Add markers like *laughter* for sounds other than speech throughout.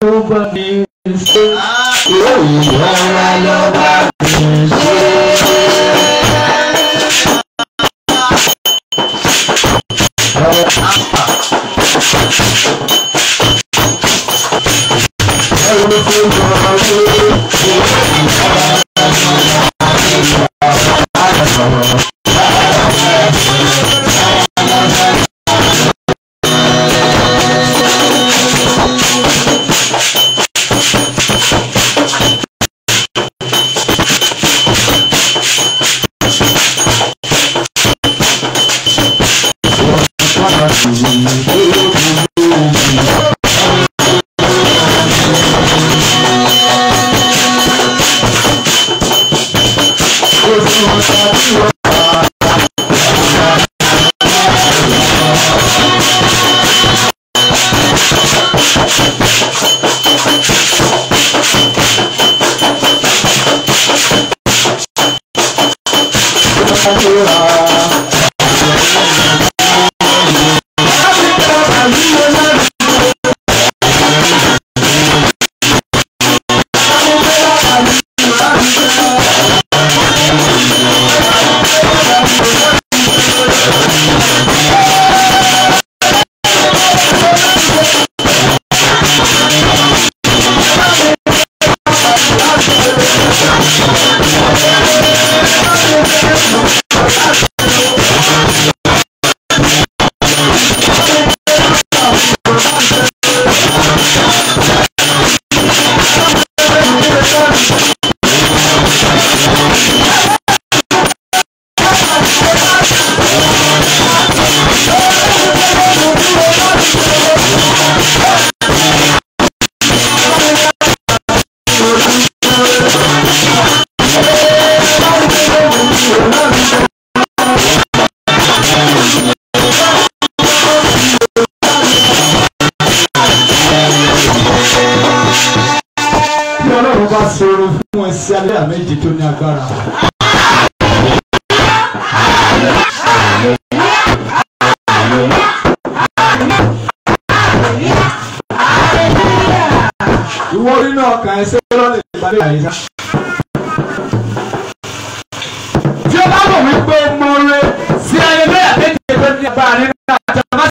Lubani sí aláya méjì tó ní agbára. ìwọ orí náà kà ẹ́ sẹ́yìn lọ́lẹ̀ ìbálẹ̀ àyíká. tí o bá wọ̀ wípé mo re sí ayé bẹ́ẹ̀ tó ní agbára nínú àtàwọn.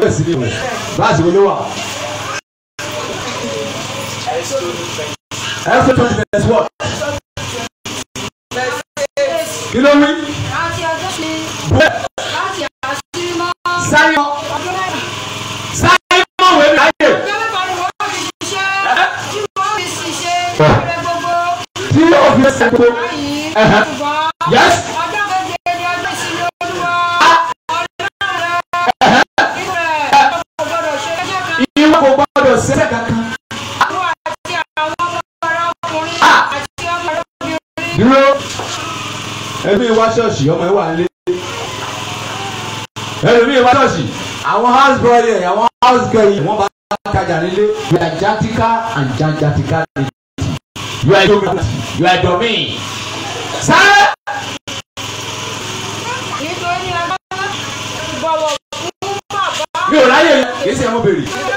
bẹ́ẹ̀ sì ni báàsì wo ló wà. ẹ̀sọ́ twenty verse what. kí ló wí. bẹ́ẹ̀ sáré mọ́ yes. dúró ẹlòmíì wá ṣọ́ọ̀ṣì ọmọ ẹ wà nílé ẹlòmíì wá ṣọ́ọ̀ṣì àwọn house boy ẹ̀ àwọn house girl yìí wọ́n bá kájà nílé you are jatika and janjatika you are dominant you are domin sáré. mi ò ráyè kì í ṣe ọmọbìnrin.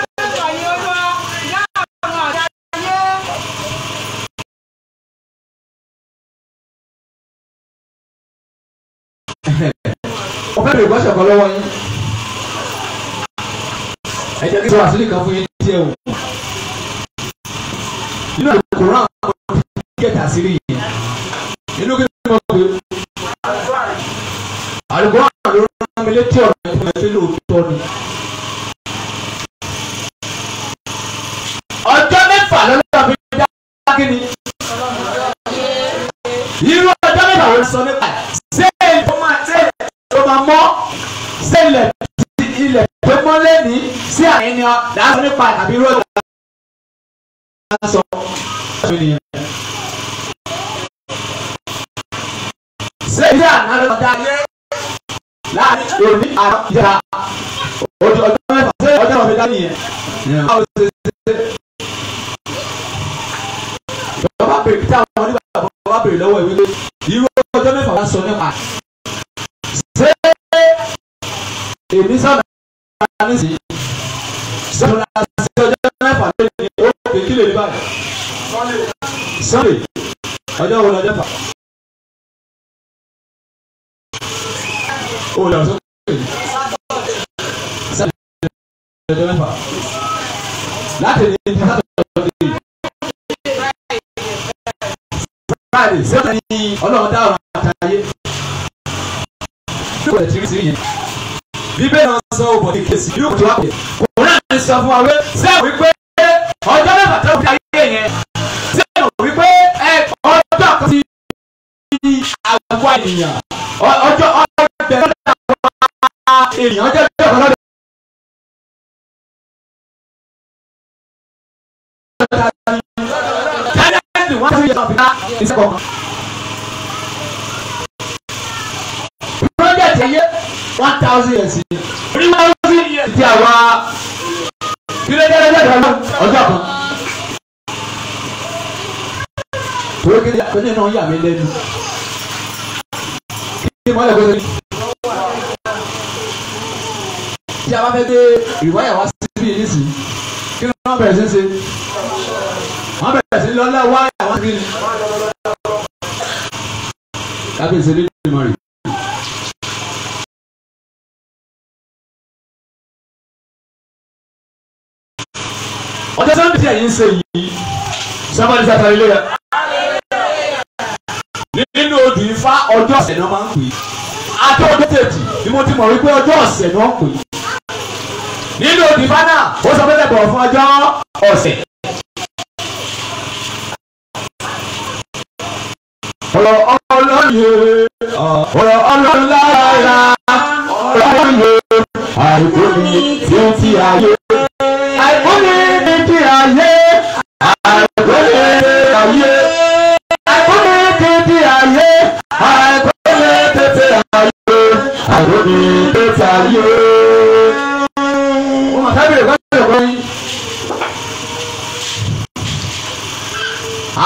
mo fẹ́ bèrè gbọ́sẹ̀ kan lọ́wọ́ yín ẹ jẹ́ kí n sọ àṣírí kan fún yín tí ẹ wò nínú àkùrán àwọn kẹta àṣírí yìí nínú kí ni mo pè àlùkò àwọn ló rán mi létí ọ̀rọ̀ ẹ̀ fún ẹ pé lóòótọ́ ni. ọjọ́ mẹ́fà lọ́lọ́dọ̀ mi dá kí ni irú ọjọ́ mẹ́fà ló sọ nípa. sẹ́lẹ̀ ti ilẹ̀ tó mọ́lẹ̀ ní sí àárín ni láàrín nípa tàbí ròdà sọ sẹ́yìn ànálọ́dá yẹ láàrin òní àjẹrà ojú ọjọ́ mẹ́fà sẹ́yìn ọjọ́ mẹ́fà nìyẹn. báwo ṣe ṣe ìjọba bèrè tí àwọn oníbàbọ̀ bá bèrè lọ́wọ́ ìwé irú èmi sábà ní sí sábà sí ọjọ́ mẹ́fà lónìí ó pè kí lè ní báyìí sọ́ọ̀lì ọjọ́ wo lọ́jọ́ fà. ó lọ sókè sábà sí ọjọ́ mẹ́fà láti ní ibi sábà lọ́jọ́ yìí. Friday sẹ́wọ̀n ní ọlọ́run dáhùn àtàyé. Ṣé o lè ti rí sí yẹn? bíbẹ́ náà sọ ọ̀bọ̀ ní kèsì yóò tó àpè kò náà ní sọ fún wa pé ṣé ẹ wípé ọjọ́ mẹ́fà tó fi ayé yẹn ṣé ẹ wípé ẹ ọjọ́ kan ti di ènìyàn ọjọ́ ọjọ́ bẹ̀rẹ̀ àwọn ènìyàn ọjọ́ bẹ̀rẹ̀ ọ̀kan lọ́dọ̀. Tẹ́lẹ̀ ti wọ́n ti yẹ ọ̀fìnà ìṣẹ́kọ̀ọ́. one thousand years three thousand years ti àwa kílódéédéédé àgbà ọjọ́ kan. Tòwé kéde àtọ́jú náà yà mí lẹ́nu. Kí ni mọ́lẹ̀ kó lórí? Tí a bá fẹ́ gbé ìwáyà wá síbí nísìnyí, kí ni wọ́n bẹ̀rẹ̀ sí ṣe? Wọ́n bẹ̀rẹ̀ sí lọ́lá wáyà wá síbí. Kábíyèsí ní ìmọ̀ rẹ̀. tẹ̀yìn ṣe yìí sábàdì sátà ilé rẹ̀. nínú odù ifá ọjọ́ ọ̀sẹ̀ náà máa ń pè é atọ́ ọjọ́ tètè ni mo ti mọ̀ wípé ọjọ́ ọ̀sẹ̀ náà pè é nínú odù ifá náà ó sọ pé bẹ̀rẹ̀ fún ọjọ́ ọ̀sẹ̀. ọ̀rọ̀ ọlọ́yẹ ọ̀rọ̀ ọlọ́lára ọ̀rọ̀ ọlọ́yẹ àìkú ni tí ó ti ayé.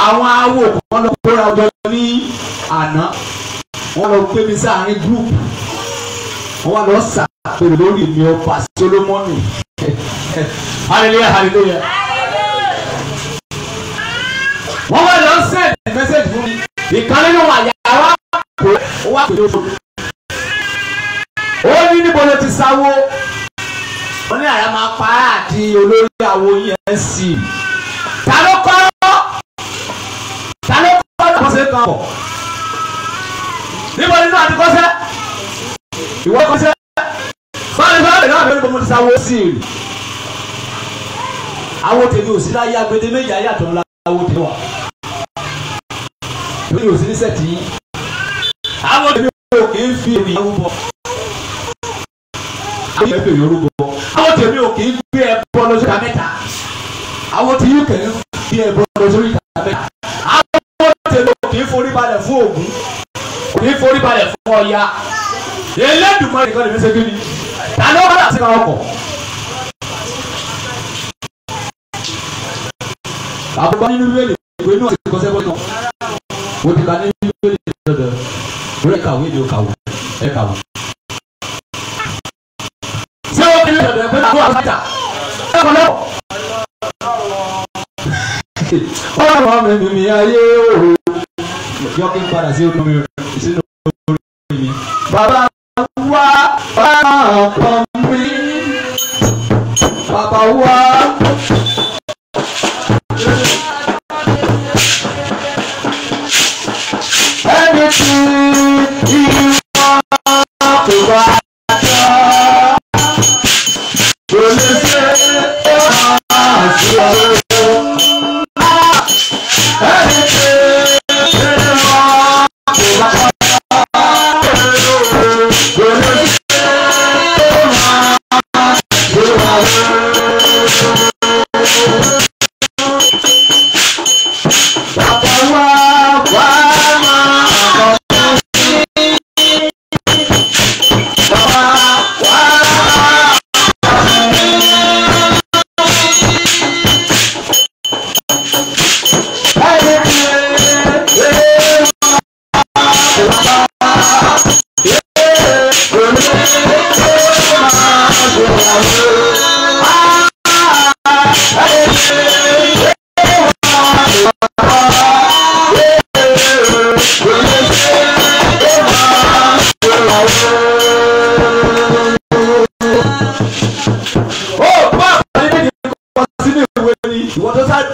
àwọn awo kan lọ kóra ọjọ́ ní àná wọ́n lọ gbé mi sáàárín gúrúùpù wọ́n lọ sà pé lórí mi ọba Solomoni hallelujah hallelujah. wọ́n wá lọ sẹ́ẹ̀dì mẹ́sẹ̀jì fún mi ìkànnì náà wà yàrá kó wá pè é níbo ló ti sáwó wọ́n ní àyà máa pa á àti olórí àwo yẹn sí i ta ló kọ́ ta ló kọ́ àkọsẹ́ kan pọ̀ níbo nínú àtikọ́sẹ́ ìwọ kọ́sẹ́ báyìí báyìí náà bẹ́ẹ̀ ni ti sáwó sí i àwọn tèmi ò sí láyé agbede méjì ayé àtọ̀nlá àwọn tèmi wà èmi ò sí ní sẹ́tì yìí àwọn tèmi ò kì í fi èmi bọ̀ àwọn ẹgbẹ́ mi orúkọ àwọn tèmi ò kì í gbé ẹbọ lọ sórí àmẹ́ta àwọn tí yìí kẹ́ẹ́ gbé ẹbọ lọ sórí àmẹ́ta àwọn tèmi ò kì í forí balẹ̀ fún Ògún kò ní forí balẹ̀ fún Ọya Elédùmarè nìkan lè fi ṣe kí ni tani ó bá sí ká ọkọ̀. àbúkọ nínú ìwéèlì ìwé náà ti kọsẹ́ bọ́tọ̀ mo ti ka nínú ìwéèlì ìjọba rẹ̀ kàwé ni ó kàwé ẹ̀ kàwé ní ọ̀dọ̀ ẹgbẹ́ tó wà ẹ̀kọ́ náà. ọ̀rọ̀ mi mi ayé òru yọ kí n padà sí ojú mi sínú orí mi. bàbá wa bàbá kan mi bàbá wa. ẹni tí ìwà.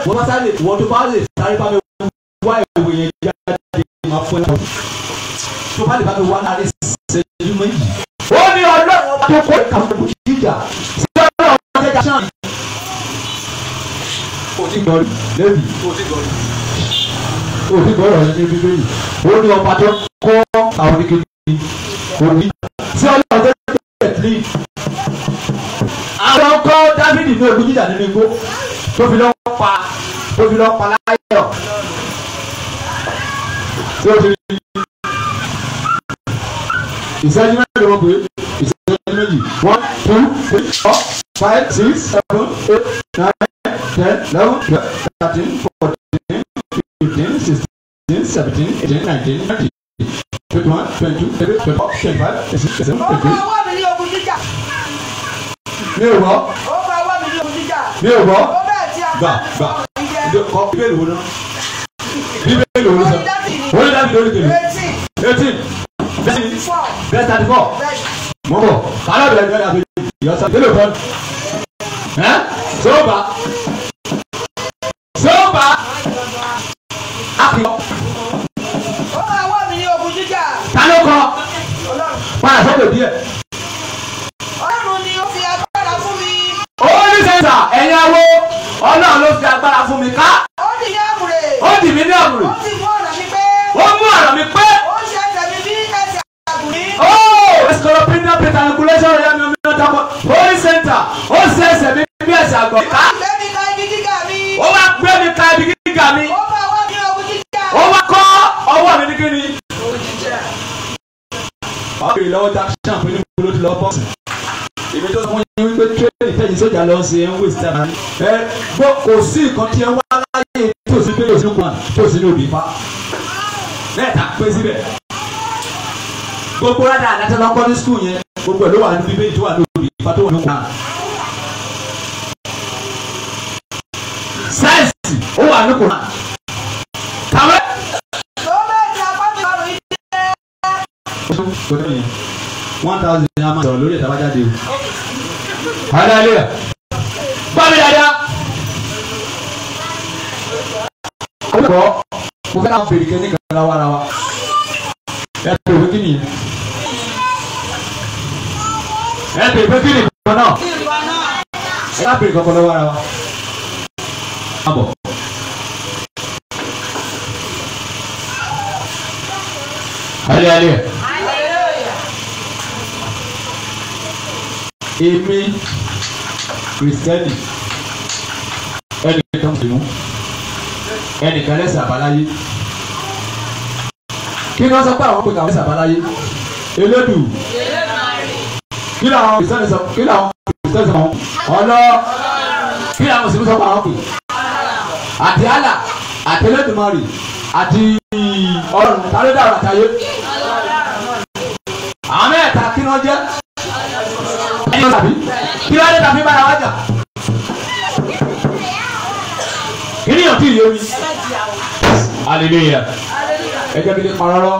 wọ́n bá sáré wọ́n tó bá lè sáré bá mi wá ìwé yẹn jáde máa fún ẹ̀ tó bá lè bá mi wá láre ṣẹ́jú méjì. ó ní ọlọ́run ọba tó kó ìkàkùn jíjà sí ọlọ́run ọba tẹ́jà sáà yìí. òtí gbọ́rọ̀ lẹ́bi òtí gbọ́rọ̀ òtí gbọ́rọ̀ ní bíbélì ó ní ọba tó kó àwọn oníkejì òní sí ọlọ́run tẹ́jà sí àwọn kọ́ Dáfídì ní ogun jíjà nínú igbó tó fi lọ́wọ́ pa tóbi lọ láyọ̀ tí ó fi ìṣẹ́jú mẹ́rin wọ́n pè é ìṣẹ́jú méjì one two three four five six seven eight nine ten eleven twelve thirteen fourteen fifteen sixteen seventeen eighteen nineteen twenty twenty one twenty two twenty three twenty four twenty five twenty six twenty seven twenty eight. ọkọ ọwọ́ mi ní ogun jíjà. mi ò gbọ́. ó kọ ọwọ́ mi ní ogun jíjà. mi ò gbọ́ gbà gbà kọ bíbélì wo náà bíbélì wo náà wọ́n ní dábìlì lórí tèmi eighteen verse thirty four mọ̀ bọ̀ alábìlẹ̀ ìjọba àti ìyọ̀sán délé òtọ́ ẹ́ sọ́ọ̀bà sọ́ọ̀bà àpìyọ. ó máa wá mi ní ogun jíjà. ta ló kọ padà sọ́dọ̀ díẹ̀. Ọlọ́run ni ó fi agbára fún mi. ó ní sẹ́ńtà ẹ̀yin awo ọlọ́run ló fi agbára fún mi ká. ó dì ní àmùrè. ó dì mí ní àmùrè. ó sì mú ọ̀rọ̀ mi pé. ó mú ọ̀rọ̀ mi pé. ó ṣe ẹsẹ̀ mi bí ẹsẹ̀ àgùnrí. ó scorpion pentaculator ọ̀rẹ́ mi omi ọ̀dà kan holy center ó ṣe ẹsẹ̀ mi bí ẹsẹ̀ àgbọ̀n. ó gbé mi ka ibi gíga mi. ó wá gbé mi ka ibi gíga mi. ó bá ọwọ́ mi ọwọ́ gíga. ó wá kọ́ ọwọ́ mi ní kíni. ó jíjà. ọ̀pẹ̀ ìlọ́wọ́ dá ṣàǹfẹ́ ní ẹ̀yin sójà lọ sí ẹ̀ ń wé síta náà ẹ gbọ́ kò sí nǹkan tí ẹ wá láyé tí ò sí pé yóò sí nǹkan tí ò sí ní òbí fa lẹ́ẹ̀ta pé síbẹ̀ gbogbo rádà àdàtẹ́lọ́kọ́ ní skul yẹn gbogbo ẹ̀ ló wà ní bíbélì tó wà ní òbí fa tó wà ní òkúta. sáyẹ̀nsì ó wà ní kùnà kàwé. one thousand naira máa sọ̀rọ̀ lórí ìtàbájáde o hallelujah bá mi dáadáa. olùkọ́ mo fẹ́ náà fèrè kẹ́ni kan ra wa ra wa ẹ pè fún kí nìyẹn ẹ pè fún kí nìyẹn kan náà ẹ ká pèrè kankan lọ́wọ́ ara wa. Hallelujah. èmi kìrìsìtẹ́nì ẹnìkan sì mú ẹnìkan lẹ́sìn àbáláyé kí ni wọ́n sọ pé àwọn pè kàwé sàbáláyé elédù kí làwọn kìrìsìtẹ́nì sọ kí làwọn kìrìsìtẹ́nì sọ ọlọ kí làwọn mùsùlùmí sọ pé àwọn pè àti àlà àti elédùmarì àti ọlọ́run tàlẹ́dà àtàyé àmẹ́ta kí ni wọ́n jẹ́ mọ́ tàbí kí wọ́n lè tàbí bára wájà. ènìyàn kì í yé mi. hallelujah ẹ jẹ́ mi ní kọ́rọ́rọ́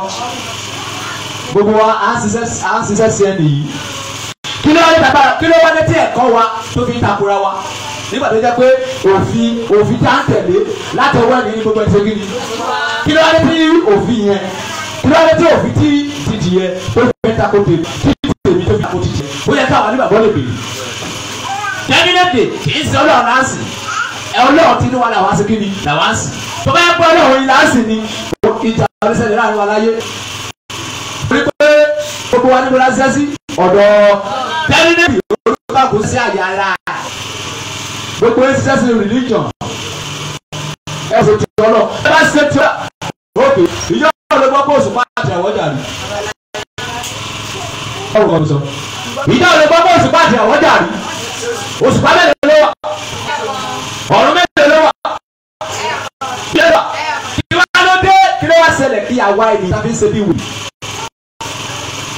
gbogbo wa à ń ṣiṣẹ́ sí ẹni yìí kí wa tó fi ń wa nígbà tó jẹ́ pé òfin òfin tá à ń tẹ̀lé láti ọwọ́ ẹ̀mí ní gbogbo ẹ̀ṣẹ́ gidi kí ló wá ní tí òfin yẹn kí ló wá ní tí òfin àbọ̀lẹ̀bẹ̀ definitely kì í ṣe ọlọ́run láǹsì ọlọ́run tí inú wa làwọn aṣọ kíni làwọn àṣì tó bá yẹ pé ọlọ́run yìí láǹsì ni ìjà ọlọ́sẹ̀lẹ̀ láàrin wa láyé torí pé gbogbo wa níbo láṣẹ sí ọ̀dọ̀ definitely olùkọ́ kò sí àyà ara gbogbo ẹ̀ ṣiṣẹ́ sí religion ẹ̀ ṣe ti ọlọ́ ẹ bá ṣe ti ọ òkè ìjọba ọlọ́gbọ́n kò sùn fún àtẹ̀wọ́jà rẹ̀ ọ̀rọ̀ kan sọ ìjà òde gbọ́ fún òṣùpá àti àwọn jàrí òṣùpá mélòó ló wà ọ̀run mélòó ló wà kí ló wà kí wá ló dé kí ló wá ṣẹlẹ̀ kí àwa ènìyàn tàbí ṣe bí wù. ní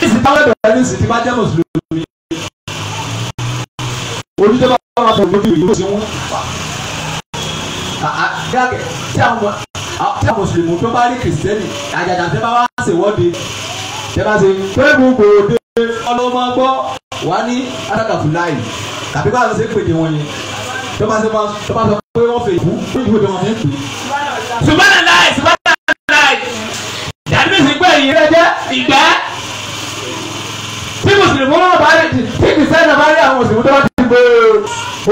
ìsìn táwọn ẹ̀dọ̀ rẹ̀ ní ìsìn tí máa jẹ́ mùsùlùmí olùdó bá wọn fọ lórí ìlú sí wọn. tí àwọn tí àwọn mùsùlùmí tó bá rí kìrìsìtẹ́nì àjàjà tẹ́ bá wá ṣèwọ́de tẹ́ bá ṣe pé gbogbo òde ọlọ́mọ wà á ní alákàfúláì tàbí báwo ṣe pèdè wọn yẹn tó bá ṣe tó bá sọ pé wọ́n fẹ́ ìfú fún ìfú ìfẹ́ wọn fi ń pè. subahana láì subahana láì dàbí ìsìnkú ẹ̀yìn rẹ jẹ́ ìgbà tí mùsùlùmí wọn bá rí tí kìsẹ́nà bá rí àwọn mùsùlùmí tó bá ti gbé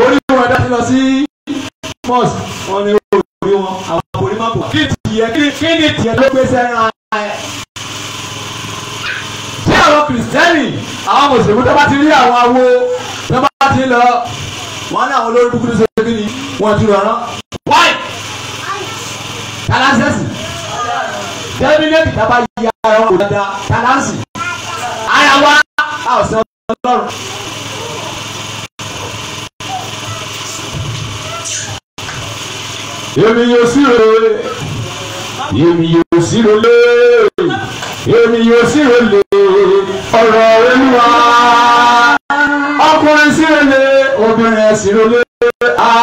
orí wọn dá sí lọ sí mọ́ọ̀sì wọn ni orí wọn àwọn onímọ̀bù kí tìyẹ kí ni tìyẹ ló gbé sẹ́ra ẹ̀. tí àwọn kìrìsìtẹ́nì àwọn mùsùlùmí tó bá ti rí àwọn awo tó bá ti lọ wọn ní àwọn olórí búburú ṣe kí ni wọn ti rọrán. wáyé talasẹsì tẹmílẹtì tábà yí ara wọn kò dáadáa talasì ara wa a ò sọ Ọlọ́run. èmi yóò sí rèé èmi yóò sí rèé èmi yóò sí rèé. ṣírò lé a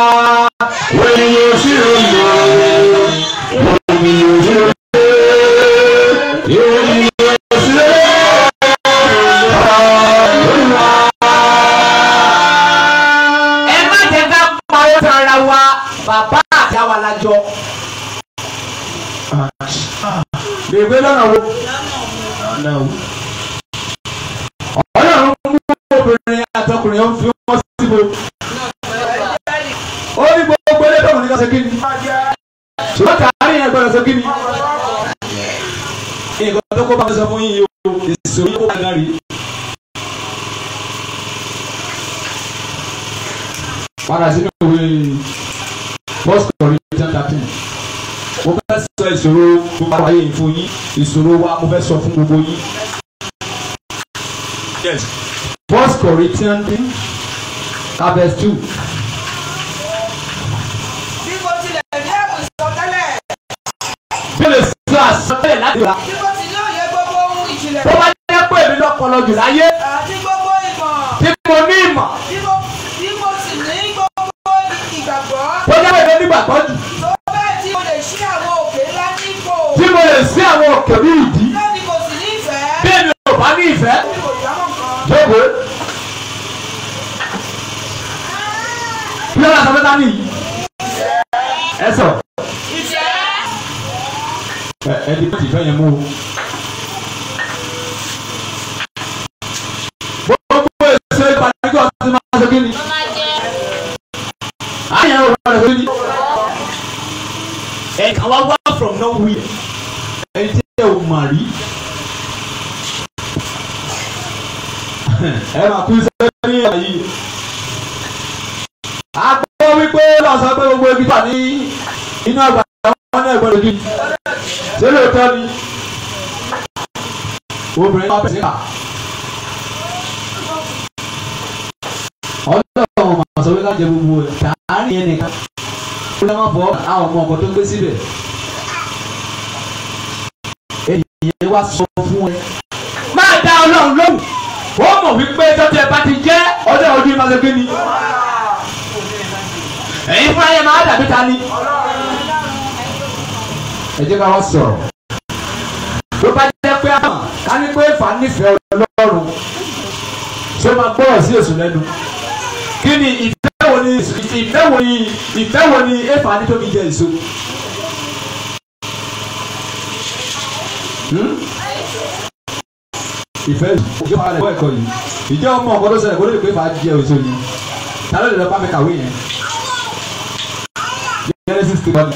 wẹ́ni yóò ṣírò lé wọ́n yóò ṣírò lé yóò yóò ṣírò ẹ má jẹ́ ká pa ó tara wa bàbá àti àwa la jọ. bèbè lọ́nà wo. lọ́nà wo ọlọ́run mú obìnrin àtọkùnrin ó fi wọ́n síbo ṣe kí ni ṣùgbọ́n tààrí yẹn gbọ́dọ̀ ṣe kí ni. nǹkan tó kó bá mi sọ fún yín yìí o ìṣòro yìí bá gàrí. padà sínú ìwé first Corinthians thirteen mo fẹ́ sọ ìṣòro tó bá wáyé fún yín ìṣòro wa mo fẹ́ sọ fún gbogbo yín. first Corinthians verse two. mi lè sọ àsọtẹ́lẹ̀ láti rà. tó bá jẹ́ pé èmi lọ́pọlọ jù láyé. tí mo ní ìmọ̀. tí mo sì ní gbogbo ìgbàgbọ́. tó jẹ́ pé èmi nígbàgbọ́ jù. tó bẹ́ẹ̀ tí mo lè ṣí àwọn òkè ńlá ní ipò. tí mo lè ṣí àwọn òkè ní ìdí. bẹ́ẹ̀ni kò sì ní ìfẹ́. bẹ́ẹ̀ni ò bá ní ìfẹ́. jókòó. yọ̀ọ́ àtàwọn ẹ̀ta nìyí. ẹ sọ ẹ ẹ di fẹ́ yẹn mú o. gbogbo èso ìpàdéjọ ti máa ṣe kí ni. àyàn ò rọrùn kí ni. wá wá from nowhere ẹ ti ẹ ò mà rí. ẹ máa kú sẹ́yìn ní ẹ̀yà yìí. a gbọ́ wípé lọ́sàn pé gbogbo ibi tà ní inú àgbà wọn náà gbọ́dọ̀ bí ṣé lóòótọ́ ni obìnrin máa bẹ̀rẹ̀ síta. ọlọ́run máa sọ wípé lájẹ gbogbo rẹ̀ tààrin yẹn nìkan ó lọ́wọ́ bọ́ àwọn ọmọ ọkọ̀ tó gbé síbẹ̀. ènìyàn wá sọ fún ẹ. máa dá ọlọ́run lóhùn ó mọ̀ wípé tọ́jú ẹ bá ti jẹ́ ọjọ́ ojú ìmọ̀lẹ́gbẹ́ ni. ẹ̀yin fúnra yẹn máa dàbí ta ni. ọlọ́run ẹ jẹ́ ká wá sọ̀rọ̀ ló bá jẹ́ pé àmọ́ ká ní pé Éfà nífẹ̀ẹ́ Ọlọ́run ṣé máa gbọ́rọ̀ sí èṣù lẹ́nu kí ni ìfẹ́ wo ni ìfẹ́ wo ni ìfẹ́ wo ni Éfà ní tó fi jẹ èso. Hmm? ìfẹ́ ìjọ ara ẹ̀kọ́ ẹ̀kọ́ yìí ìjọ ọmọ ọ̀pọ̀ tó ṣẹlẹ̀ kó ló lè pé Éfà jẹ èso yìí ta ló lè lọ bá mi kàwé yẹn. Genesis ti wọ́n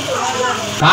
ká.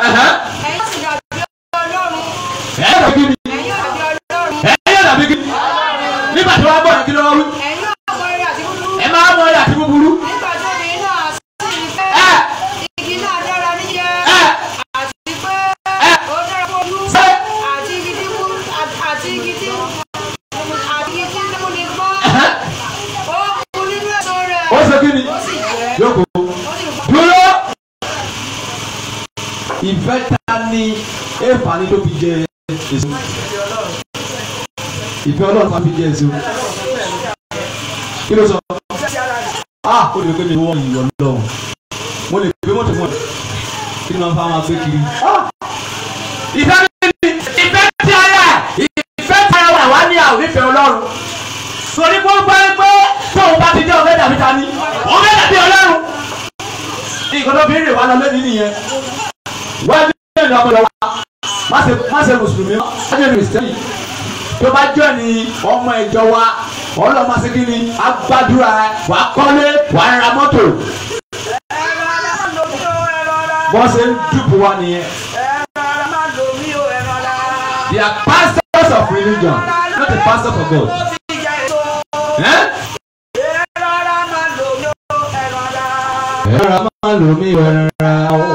哎哈！哎，是的，别别别！哎，给你。ìfẹ́ ta ni èèfà ni tó fi jẹ èso ìfẹ́ ọlọ́run ta fi jẹ èso kí ló sọ ah o lè pé mi wọ́n yìí ọlọ́run mo lè pé mọ́tò mọ́tò kí ni wọ́n fa máa gbé kiri ah ìfẹ́ mi ìfẹ́ ti ara ìfẹ́ ti ara wà ní àwọn ìfẹ́ ọlọ́run torí kó gbọ́ pé tóun bá ti dé ọ̀fẹ́ dàbí ta ni ọ̀fẹ́ dàbí ọlọ́run nǹkan tó fi ń rè wá lọ lẹ́nu nìyẹn wọ́n jẹ́ ìlú ọmọ ìlọ́wọ́ má ṣe mùsùlùmí má jẹ́ kìrìsìtẹ́nì tó bá jẹ́ ní ọmọ ìjọ wa ọlọ́mọ sígínì agbádùra wàá kọ́lé wàá ra mọ́tò bọ́n ṣe ń dùbò wa nìyẹn. They are pastors of religion, not the pastors of God. Eh?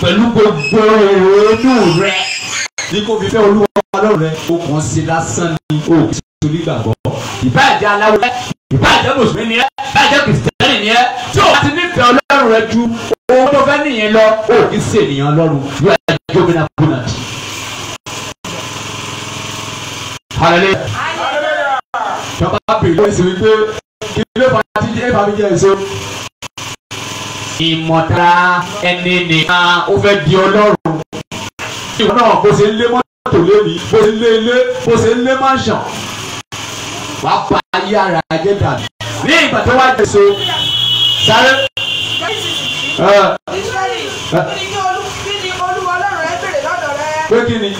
pẹ̀lú gbogbo èrò inú rẹ kò fi fẹ́ olúwa lọ́rùn rẹ o kàn sí lásán ni o kì í torí gbàgbọ́ ìbáàjẹ́ aláwọ̀ rẹ ìbáàjẹ́ mùsùlùmí ni ẹ ìbáàjẹ́ kìrìsìtẹ́nì ni ẹ tí o bá ti nífẹ̀ẹ́ ọlọ́run rẹ ju owó tó fẹ́ nìyẹn lọ o kì í ṣe ènìyàn lọ́rùn yóò ẹ̀ gómìnà kùnà jù. hallelujah tọ́ba bèrè lóṣèlú pé kí ló fà á ti jẹ́ fàmíjẹ́ èso ìmọ̀tara ẹni nìkan ó fẹ́ di ọlọ́run ìwọ náà bó ṣe ń lé mọ́tò lónìí bó ṣe ń lé ilé bó ṣe ń lé mansion wàá pa ayé ara ajé dàbí ní ìgbà tó wá jẹ so sáré. pé kí ni.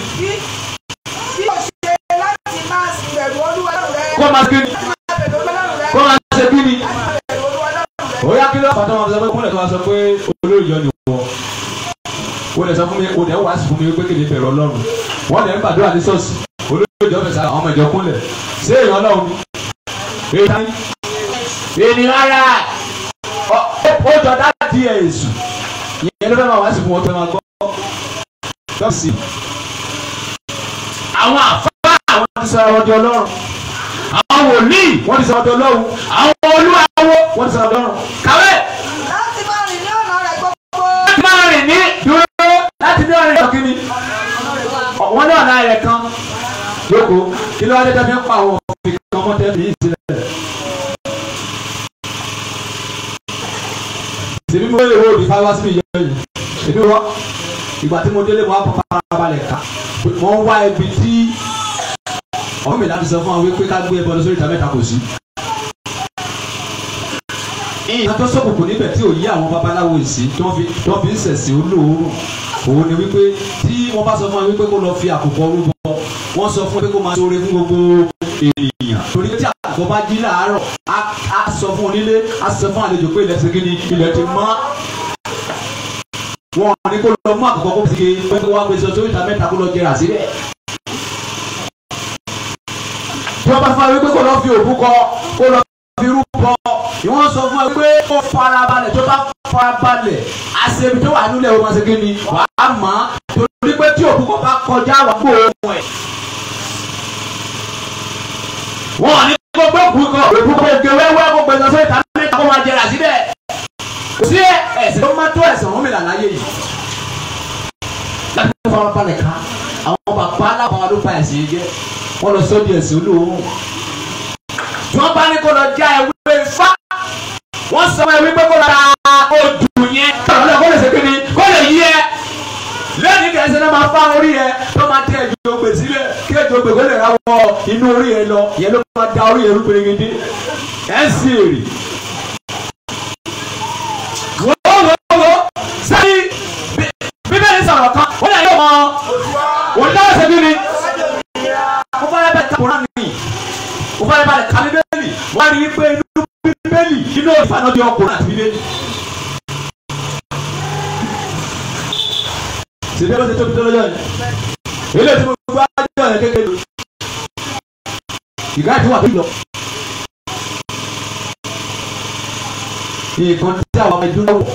kó máa kí ni. ló fàtà wọn sọ pé kúnlẹ̀ tó wá sọ pé olórí yọ ni wọ́n wọ́n lè sọ fún mi wọ́n lè wá sí fún mi pé kìnìún bẹ̀rẹ̀ ọlọ́run wọ́n lè ń gbàdúrà ní ṣọ́ọ̀ṣì olórí yọ àwọn ọmọ ìjọ kúnlẹ̀ ṣé èèyàn ọlọ́run ni ènìyàn ara ó jọ dáàdì ẹ̀ èṣù ìyẹn ló fẹ́ máa wá sí fún wọn tó máa gbọ́ àwọn àfáà àwọn ti sọ ẹ̀rọ di ọlọ́run àwọn wòlíì wọ́n ti sọ̀rọ̀ lọ́wọ́ àwọn olúwawo wọ́n ti sọ̀rọ̀ lọ́rùn. kàwé. láti máa rìn ní ọ̀nà rẹ̀ gbogbo. láti máa rìn ní dúró láti ní ọ̀nà rẹ̀ kíni. wọ́n ní ọ̀nà rẹ̀ kan lóko kí ló wá dé tẹ́ fi ń pa àwọn òfin kan mọ́ tẹ́ fi yìí sílẹ̀. sèmi mo lè wo òbí fáwọn síbi ìyẹn yìí èmi wọ ìgbà tí mo délé mo á pọ̀ farabalẹ̀ ká mo ń wá ibi tí ọ̀hún mi láti sọ fún wa wípé ká gbé ẹbọ lọ sórí ìta mẹ́ta kò sí. ìyẹn tó sọ̀kùnkù níbẹ̀ tí ò yí àwọn babaláwo ìsí tí wọ́n fi ń sẹ̀sì olóòórùn òun ni wípé tí wọ́n bá sọ fún wa wípé kó lọ fi àkùkọ rúbọ wọ́n sọ fún wa pé kó máa ṣoore fún gbogbo ènìyàn torí pé tí àkùkọ bá jí làárọ̀ á sọ fún onílé á sọ fún àlejò pé ilẹ̀ ti kí ni ilẹ̀ ti mọ́ wọn ní kó lọ mú àkùkọ kó fi ṣe pé kó wá pèsè ọjọ́ ìta mẹ́ta kó lọ jẹrà tí wọ́n bá fún wa wípé kó lọ fi òkú kọ kó lọ fi irú bọ ìwọ́n sọ fún wa wípé kó farabalẹ̀ tó bá farabalẹ̀ àṣebi tó wà nílẹ̀ wọn ṣe kí ni wàá mọ̀ torí pé tí òkú kọ bá kọjá wà kó ohun ẹ̀. wọn ní gbogbo òkú kọ òkú kọ òkè wẹ́wẹ́ gbogbo ẹ̀ lọ sórí ìtàn mẹ́ta kó máa jẹrà síbẹ̀ kò sí ẹ̀sìn tó má tó ẹ̀sìn òun mi là láyé yìí farabalẹ̀ ká àwọn wọ́n lọ sọ́ọ́ díẹ̀ sí olóòórùn. tí wọ́n bá ní kó lọ já ewé ifá wọ́n sọ ewé pé kó lọ ra odù yẹn. báwo lọ kó lè ṣe kíni kó lè yí ẹ lẹ́yìn kẹsàn-án náà máa fá orí ẹ tó máa tẹ ẹ̀jọ̀ ògbè sílẹ̀ kí ẹ̀jọ̀ ògbè kó lè ra wọ inú orí ẹ lọ yẹn ló máa da orí ẹ rú pérégedé ẹ̀ ń sí balẹ̀ ka Kùránì fẹ́ balẹ̀ ka bíbélì mo rí i pé inú bíbélì inú ìfànà ti ọkùnrin àti bíbélì. síbẹ̀ ló ti tóbi tó lọ́jọ́ yẹn ilé tí mo gbọ́ ajọ́ yẹn kékeré ìgbà tí wà tó lọ. nǹkan tí àwọn ọmọ ìdúró wọ̀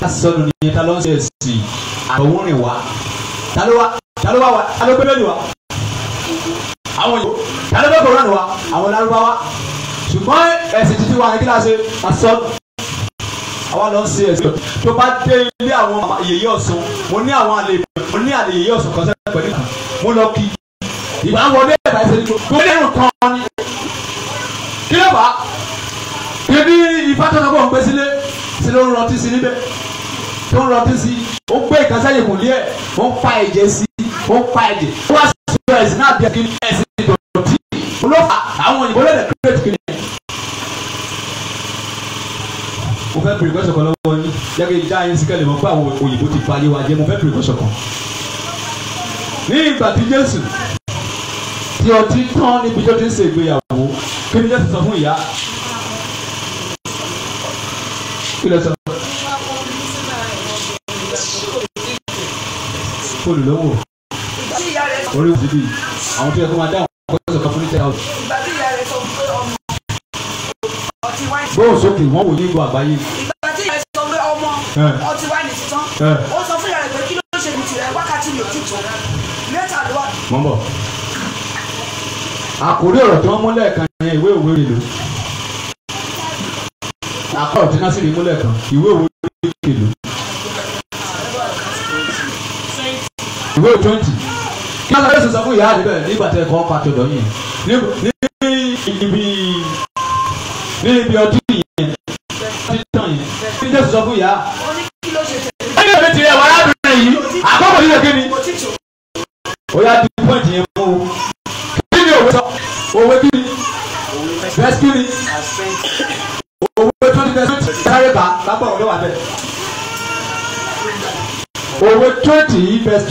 ká sọnù nìyẹn ta ló ń ṣe èsì àtọ̀wúnrin wa ta ló wá ta ló wá wa àwọn yòó alẹ́bẹ̀ kò rán wa àwọn lárúbáwá ṣùgbọ́n ẹ̀sìn títí wa ní kíláàsì asọ́ àwa lọ sí ẹ̀sìn tó bá dé ilé àwọn yèyé ọ̀sán mo ní àwọn àlè mo ní àlè yèyé ọ̀sán kan sẹ́yìn pẹ̀lú mo lọ kí ìgbà wọlé ẹ̀ka ẹ̀sìn tó tó lé nǹkan ni kí ló bá ebi ifá tó lọ bọ̀ ń gbé sílé sí ló ń rọtí sí níbẹ̀ tó ń rọtí sí ó gbé ìkànsẹ́yìn kò lé ẹ̀ ó ń pa ẹ̀jẹ̀ sí ó ń pa ẹ̀jẹ̀ ó ẹ̀sìn náà jẹ́ kí ni ẹ̀sìn ìdọ̀tí olófà àwọn òyìnbó lẹ́dẹ̀ kírètì kìíní ẹ̀. mo fẹ́ pèrè kọ́sọ̀kan lọ́wọ́ yín jẹ́kẹ́ ìjà yín sí kẹ́lẹ́ mọ́ pé àwọn òyìnbó ti fa ayé wa jẹ́ mo fẹ́ pèrè kọ́sọ̀kan. ní ìgbà tí Jésù tí ọtí tán níbi tó ti ń ṣe ìgbéyàwó kí ni Jésù sọ fún ìyá. kí orí òbí bíi àwọn tó yẹ kó máa dá àwọn ọkọ ìṣọ̀kan fún ní ten house. gbóhùn sókè wọ́n wò yín gbọ́ àgbáyé. ìgbà tí ìyá rẹ̀ sọ pé ọmọ ọtí wá ní títán ó sọ fún ìyá rẹ̀ pé kí ló ń ṣe ní tirẹ̀ wákàtí mi ò tí tó mẹ́ta ló wà. mọ́ bọ̀ àkórí ọ̀rọ̀ tí wọ́n múlẹ̀ kan yẹn ìwé òwe rèé lò àkọ́rọ̀ tí násìrì múlẹ̀ kan ìwé òwe rèé lò ìwé twenty yàrá yóò sọ fún ìyá rẹ nígbà tẹ kọ́ pàtó dọ̀ yìí ní ibi ní ibi ọdún yìí ti tàn yìí kí ní sọ fún ìyá. ẹni ìwé ti rẹ wà lábìrin yìí àkọ́kọ́ yìí lókè ni ó yà di pọ́ǹtì yẹn mú o kí ni òwe sọ òwe kí ni bẹ́sí kí ni òwe tó ti bẹ́sí sáré lápá òwe wà bẹ́ẹ̀ òwe twenty yìí bẹ́sí.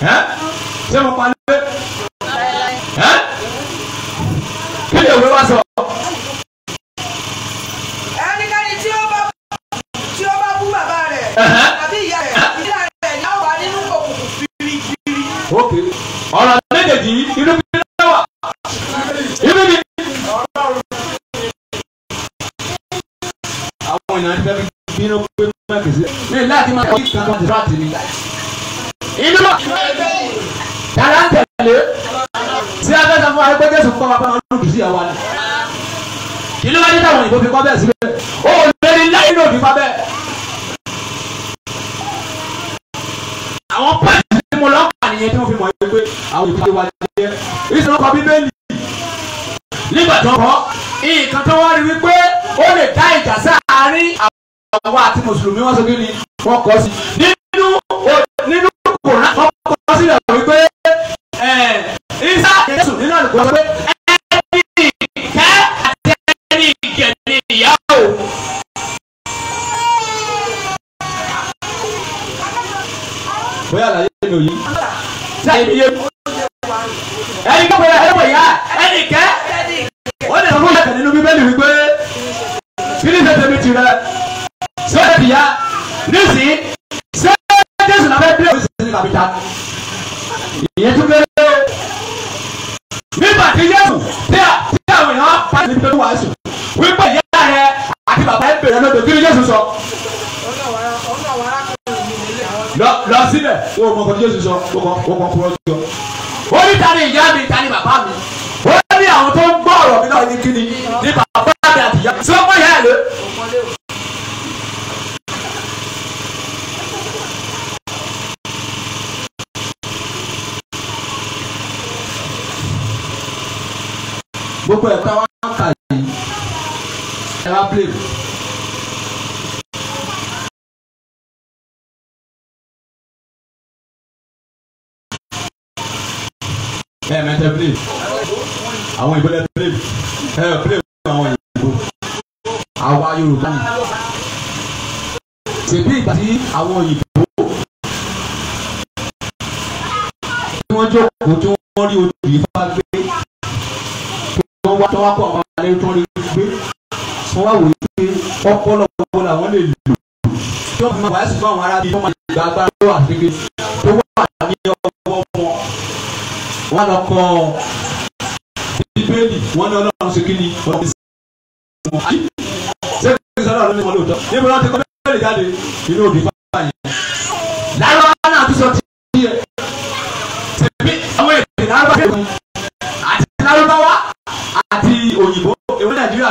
ṣé mo pa lé kí ni òwe wá sọ. ẹnikẹ́ni tí ó bá tí ó bá bú bàbá rẹ̀ tàbí ìyá rẹ̀ ìdílé rẹ̀ ni a wà nínú ok ọ̀rọ̀ méjèèjì inú bí náà wà inú bí iná yàrá tẹ̀lé tí a fẹ́ sọ fún wa pé Jésù kọ́ wa pé wọn lòdì sí ìyàwó ni ìlú wa ní táwọn òyìnbó fi kọ́ bẹ́ẹ̀ síbẹ̀ o ò lè ní láyé lòdì fa bẹ́ẹ̀. àwọn pẹ́ẹ́sì tí mo lọ́ kà nìyẹn tí wọ́n fi mọ̀ yẹn pé àwọn ìpàdé wa jẹ́ ìṣòro kan bíbélì nígbà tó ń bọ̀ nǹkan tó wọ́n rí wípé ó lè dá ìjà sáàárín àwọn àti mùsùlùmí wọ́n sọ kí ni wọ́n kọ́ sí nínú kò rán kọ́kọ́ sílẹ̀ wípé ìsá Jésù nínú àlùkò sọ pé ẹni ìkẹ́ àti ẹni ìkẹ́ ni ìyá o. bóyá àlàyé mi ò yí. ṣé àyè mi yé mi. ẹni kọ́ bóyá ẹni wọ̀nyá ẹni ìkẹ́ ó lè sọ fún ìyàtọ̀ nínú bíbélì wípé kí ni ìṣẹ́ tẹ̀mí tirẹ̀ sọ́dọ̀ tìyá nísìnyí. ìyẹn tún kéré o nígbà tí yẹ́sù tí àwọn èèyàn pàṣẹ níbi tó ń wàásù wípé ìyá rẹ àti bàbá ẹ bèrè lọ́dọ̀ kí ni yẹ́sù sọ. lọ sílẹ̀ o mọ̀ kọ́ yẹ́sù sọ o kọ́ o kọ́ kúrọ́ jọ. ó ní ta ni ìyá mi ta ni bàbá mi ó ní àwọn tó ń gbọ́ ọ̀rọ̀ mi náà ní kí ni ní bàbá gbogbo ẹ̀ táwọn kà yìí ẹ wá play. ẹ mẹtẹ play àwọn ìbílẹ̀ play ẹ play àwọn ìbò àwa Yorùbá yìí ṣèbí ìgbà tí àwọn òyìnbó tí wọ́n jókòó tí wọ́n rí ojú yìí fá gbé wá tó wá kọ́ àwọn alẹ́ tó rí gbé wọ́n wá wòye pé ọpọlọ gbogbo làwọn lè lò tí wọ́n máa wá sí fún àwọn ará bíi wọ́n máa gba agbára lọ́wọ́ àgbègbè tó wà ní ọwọ́ wọn wọ́n lọ kọ́ bíbélì wọ́n ní ọlọ́run ṣe kí ni wọ́n ti sẹ́yìn sọ́dọ̀ ọ̀run ní wọn lóòótọ́ níbi wọn ti kọ́ bíbélì jáde inú òbí olùkọ́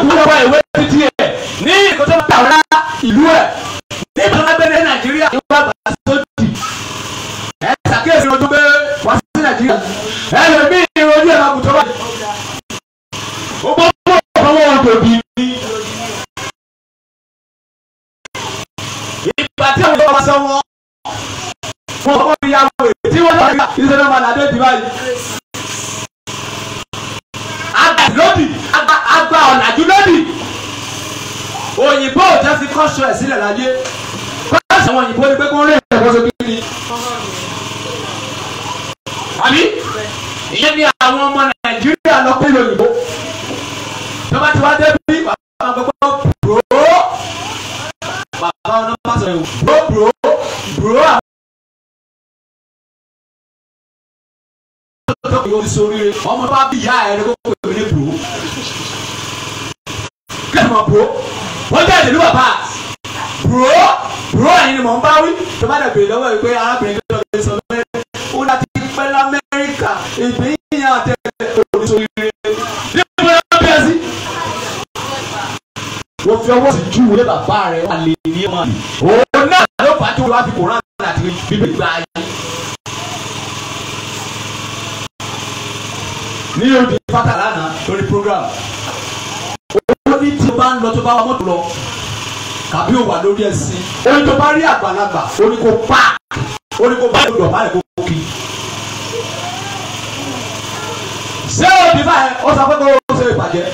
ìpínlẹ̀ wa ìwé títí ẹ̀ ní ìkótó tàwọn ìlú ẹ̀ ní ìbára bẹ́ẹ̀ nàìjíríà ìwà àgbà sódì ẹ̀ ṣàkíyèsí ojú pé wá sí nàìjíríà ẹ̀ lè mí ìròyìn ẹ̀ máa kù tó bá yẹ. ó bọ́ bọ́ ọ̀pọ̀lọpọ̀ wọn kò bí i. ìgbà tí àwọn ọmọ sọ wọn wọn kọ́ ìyàwó tí wọ́n lọ́ọ́ rí ìṣẹ́ná máa nà dé dìbà yìí. ọ̀làjú lónìí òyìnbó ò jẹ́ fi kọ́ṣọ ẹ̀ sílẹ̀ láyé kọ́ṣọ àwọn òyìnbó ni pé kó rìn ẹ̀kọ́ sókè ni. àbí ìyẹn ni àwọn ọmọ nàìjíríà lọ pé òyìnbó tọ́ba ti wá débi bàbá gbogbo bùrọ̀ bàbá ọ̀nà bá sọ̀rọ̀ bùrọ̀ bùrọ̀ bùrọ̀ àwọn. ọmọ bá bí ìyá ẹ̀ ní kókó ìwé ní bùrọ̀ mọ̀ bro wọ́n jáde ló pass? bro bro ẹ̀yin ni mò ń bá wí tó bá dẹ̀bẹ̀rẹ̀ lọ́wọ́ yìí pé arábìnrin tó lọ́ọ́ sọ pé ó láti pẹ́ lamẹ́ríkà ìpínyà àti olùsọ̀rọ̀ ní ìpínlẹ̀ abẹ́rẹ́ sí. wọ́n fi ọwọ́ sí júwèé bàbá rẹ̀ wà lè ní ọmọ rẹ̀ òun náà ló fà á tí wọ́n fi kòrán àti bíbélì gbà ayé. ní òde fátà lánàá lórí program ó ní tí o bá ń lọ tó bá wa mọ́tò lọ tàbí o wà lórí ẹṣin ó ní tó bá rí àgbàlagbà ó ní kó pa ó ní kó bá ìlú ọ̀bá rẹ̀ kó kí. ṣé o bí báyẹn ó sọ pé kó o ṣe ìbàjẹ́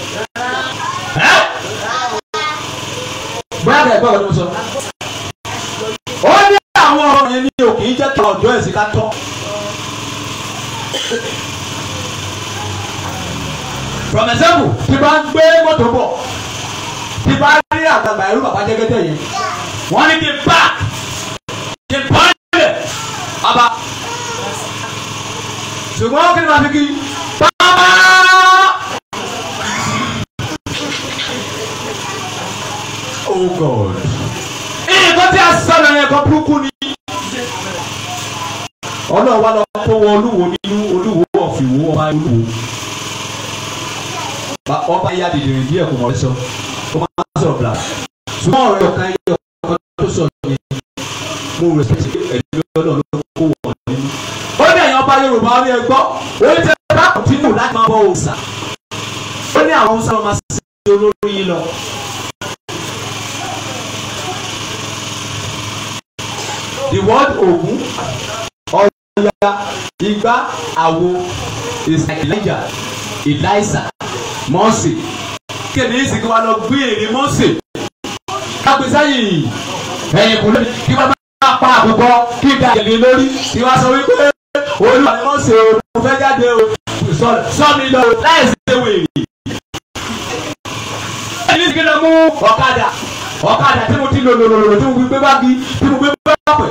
bóyá bẹ̀rẹ̀ gbọ́dọ̀ ló sọ. from example tí bá ń gbé mọ́tò bọ̀ tí bá rí àgbàgbà ẹrú bàbá jẹ́gẹ́dẹ́ yìí wọ́n ní the back the bọ́ọ̀lẹ̀ àbá ṣùgbọ́n kí ni màá fi kí bàbá. Oh God. Nǹkan tí a sọ̀rọ̀ yẹn kan burúkú ni ọlọ́wọ́ lọ kó wọn olúwo nínú olúwo ọ̀fìwò ọba olúwo ọba ya dìde rìn díẹ̀ kò mọ̀ sọ kò máa bla ṣùgbọ́n ọ̀rẹ́ ọ̀kan yẹ ọ̀kan tó sọ ni mo rẹ̀ sí ẹ̀mí ọlọ́run ló kó wọ̀ nínú. ó ní ẹ̀yàn ọba Yorùbá ó ní ẹ gbọ́ ó ní tẹ́ bá kọ̀tínù láti máa bọ òòṣà ó ní àwọn ọmọ sábà máa olórí yìí lọ. the word Ògún Ọya Igbá àwo is like Elijah Eliza mọ́ọ̀sì kéde yìí sì kí wọ́n lọ gbé èrè mọ́ọ̀sì kápẹ́sáyìn ẹ̀yìn kùlé kí wọ́n bá pa àkùkọ kí n da ìlú lórí kí wọ́n sọ wípé olúwa ni mọ́ọ̀sì o mo fẹ́ jáde o sọ mi lọ láì sí ewu èrè. kéde yìí sì kí lọ mú ọ̀kadà ọ̀kadà tí mo ti lò lò lò tí mo gbé bá bí tí mo gbé bá pẹ̀.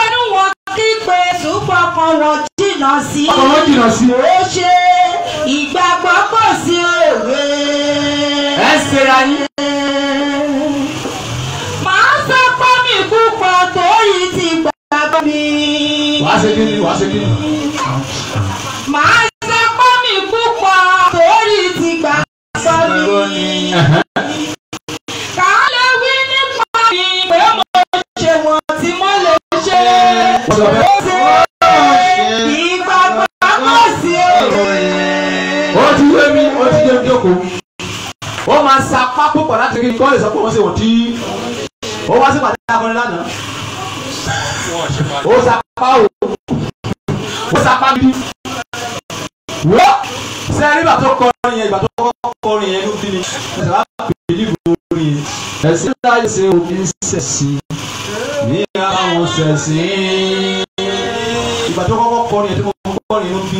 kígbe sùpọ̀kan wọn jìnnà sí. ọkọ̀ ó ṣe ìgbàgbọ́ pọ̀ sí òwe. ẹ ṣera yín. màá sápá mi púpọ̀ tó yìí ti gbàgbọ́ mi. wàá ṣe kí ni wàá ṣe kí ni. màá sápá mi púpọ̀ tó yìí ti gbàgbọ́ mi. wọ́n máa sapá púpọ̀ láti kí wọ́n lè sọ pé wọ́n ṣe wọ́n tí ó wá sí pàdé akọni lánàá ó sapá o ó sapá bí wọ́n ṣe rí bàtọ́ kọrin yẹn ìbàtọ́ kọrin yẹn ló bí mi ẹ̀sẹ̀ wá pè ní gbòòrò yẹn ẹ̀sìn láyé ṣe òfin ṣẹ̀sìn ní àwọn ṣẹ̀sìn ìbàtọ́ kọ́kọ́ kọrin yẹn tó kọ́kọ́ kọrin yẹn ló bí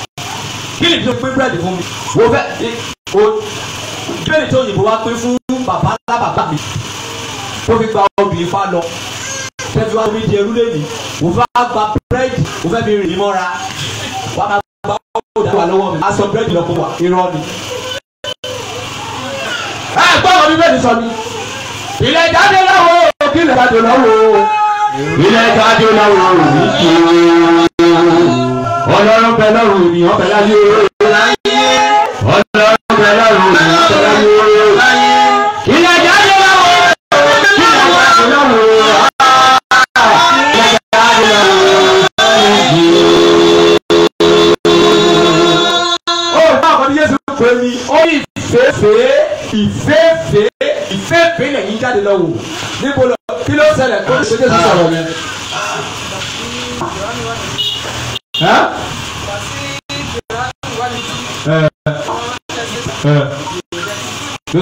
Philip ló pín búrẹ́dì fún mi wo fẹ́ o bíbélì tó òyìnbó wá pín fún bàbá alábàbà mi tó fi gba obìnrin fa lọ tẹ́tí wá omi di ẹrú lẹ́yìn wò fẹ́ gba búrẹ́dì wò fẹ́ mi rìn mọ́ra wà á gba owó dá wà lọ́wọ́ mi aṣọ búrẹ́dì lọ́kọ̀ wà irọ́ ni. ẹ gbọ́dọ̀ bíbélì sọ ni ilẹ̀ jáde lọ́wọ́ kí ilẹ̀ jáde lọ́wọ́ ilẹ̀ jáde lọ́wọ́ kí ilẹ̀ jáde lọ́wọ́ ọlọ́run bẹ lọ́rùn ènìyàn bẹ láyé ọlọ́run bẹ lọ́rùn ènìyàn bẹ láyé. ìlàjà ló wà wọ kí ìlàjà ló wà wọ ìlàjà ló wà wọ. ó bá àwọn oníyẹ́sì pè mí ó ní ìfẹ́fẹ́ ìfẹ́fẹ́ ìfẹ́fẹ́ lẹ́yìn jáde lọ́wọ́ níbo lọ kí ló ṣẹlẹ̀ kó ní ṣe jésù sọ̀rọ̀ mi ló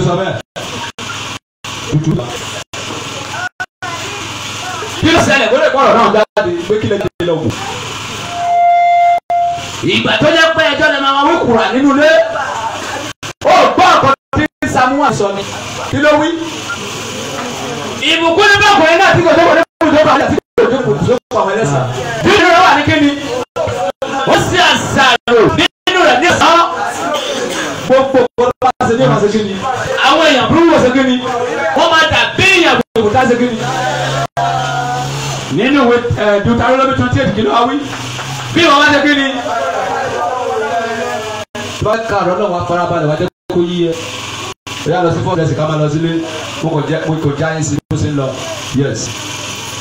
sọ bẹ́ẹ̀ tutu la kí ló ṣẹlẹ̀ wọlé kọrọ náà jáde pé kí lè jẹ lọ wò. ìgbà tó jẹ́ pé ẹjọ́ lè máa wá wíkùrà nínú ilé ó gbọ́ ọ̀pọ̀ tí Samuel sọ ni kí ló wí. ìbùkún ní bá ọkùnrin náà tí kò tó kò tó kò tó kò tó kò tó kò tó kò àwọn ẹlẹ́sìn. bí ìrora wà ní kíni ó sì àṣàrò nínú rẹ̀ ní sàn gbogbo gbogbo bá ṣe ní ìwọ̀n ṣẹ́gi ni àwọn èèyàn burúkú ṣẹ́gi ni wọ́n máa dà bí èèyàn gbogbo tá ṣẹ́gi ni. nínú ìwé Deuteronomy twenty eight kìlọ̀ awí bí wọ́n bá ṣẹ́gi ni. bá kàrọ̀ náà wàá farabalẹ̀ wàá jẹ́ kó yí ẹ ó yà lọ sí fọ́ọ̀dù ẹ̀sìn ká máa lọ sílé mo kò já yín sí bó ṣe ń lọ yes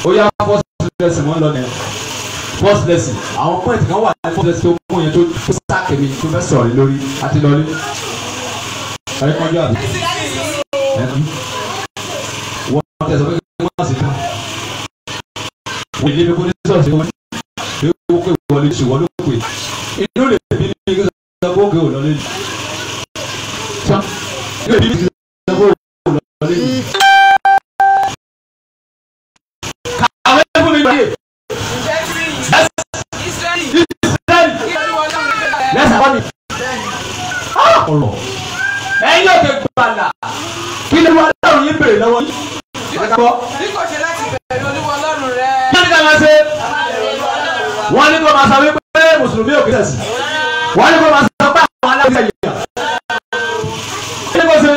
ó yà fọ́ọ̀dù ẹ̀sìn mọ́ ń lọ nìyẹn first lesson àwọn point kan wà ní first lesson tó mú yẹn tó tó sáàkì mi tó fẹ́ sọ̀rọ̀ lórí àti lọ́lé. ẹ̀rí kan jọ àbí. ẹ̀mí wọ́n tẹ̀sán pé kí wọ́n sì tán. wọ́n ìdílé kó ní sọ̀tì wọn ní owó pé wọlé ṣùgbọ́n ló pè. inú lè bí ní kí sọ́kò òkè ò lọ́lé. sọ́kò òkè ò ọ̀rọ̀ ẹ̀yin yóò fi gbàlà kí ni wọn lọ́rùn yín bèrè lọ́wọ́ yín. bí kí ni ká máa ṣe wọ́n ní kó máa sọ wípé mùsùlùmí ò kí tẹ̀sí wọ́n ní kó máa sọ pé àwọn aláìsàn yìí yà. kí ni kò ṣe.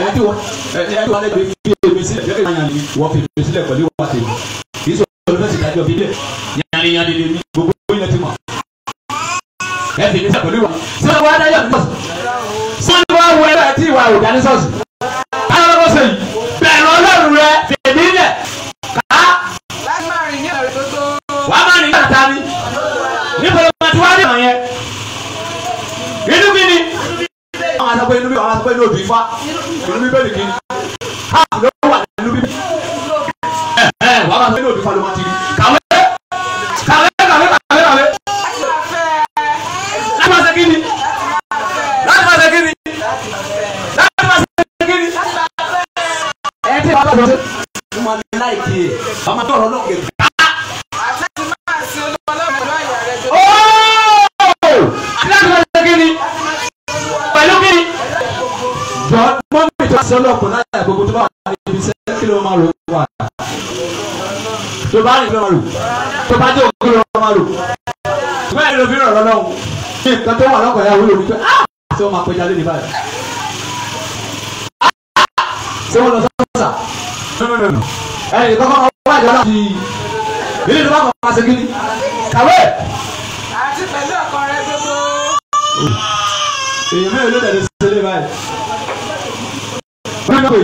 ẹni tí wọ́n ẹni tí wọ́n lẹ́gbẹ̀ẹ́ fi èmi sílẹ̀ gẹ́gẹ́ bí wọ́n fi èmi sílẹ̀ pẹ̀lú ìwà tèmi kì í sọ olùfẹ́sì ẹ fi mi sẹ pẹ̀lú ìwà sọ wá dájọ́ ní sọ́ọ̀sì sọ́ọ̀sì wá wọ ẹgbẹ́ tí ìwà òdà ní sọ́ọ̀sì táwọn ọkọ sẹ́yìn bẹ̀rù ọlọ́run rẹ fèmí lẹ̀ ká. wàá má rìn ní ọ̀rẹ́ tó tó. wàá má rìn ní ọ̀rẹ́ tani nípa ló máa ti wá ní ọ̀rẹ́ yẹn. inú mi ni àwọn àtàkùn inú mi àwọn àtàkùn inú òbí fa inú mi bẹ́ẹ̀ ni kí ni. káàpù ló wà nínú bíbí. wàá má sọ inú òbí fa ló máa ti gbọ́ sí. mo máa tó bá wà níbi iṣẹ́ kí ló máa tó bá rìn lọ́rù tó bá dé òkú lọ́rù máa bẹ́ẹ̀ ló fi rọ̀ lọ́wọ́ ní nǹkan tó wà lọ́kọ̀ọ́ yà wúlò wípé ṣé wọ́n máa pẹja lé ní báyìí. ṣé wọ́n lọ sọ́sà ẹnì kọ́kọ́ máa wá ìjọ náà yìí nínú ìdúró kọ̀ọ̀kan máa ṣe kí ni kàwé. àti pẹ̀lú ọkọ rẹ gbogbo. èèyàn mẹ́rin ló tẹ̀lé sí ilé báyìí. wọ́n lọ pé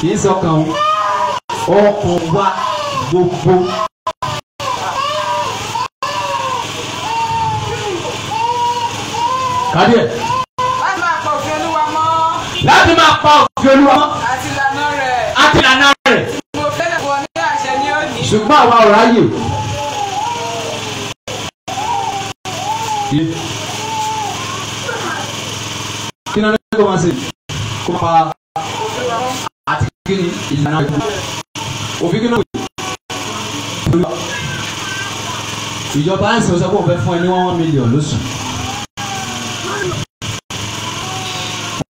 kì í sọkàn ọkàn wa gbogbo. Cadê? láti máa pa òfin olúwa mọ́. àti ìlànà rẹ̀. àti ìlànà rẹ̀. mo fẹ́ wọ ní àṣẹ ní òní. ṣùgbọ́n àwa ò ráyè. kí ni ọlọ́dún kò máa ṣe kó pa àti kí ni ìlànà rẹ̀ òfin kí ni òfin. ìjọba àìsàn sọ pé fẹ́ fún ẹ ní one million lóṣù.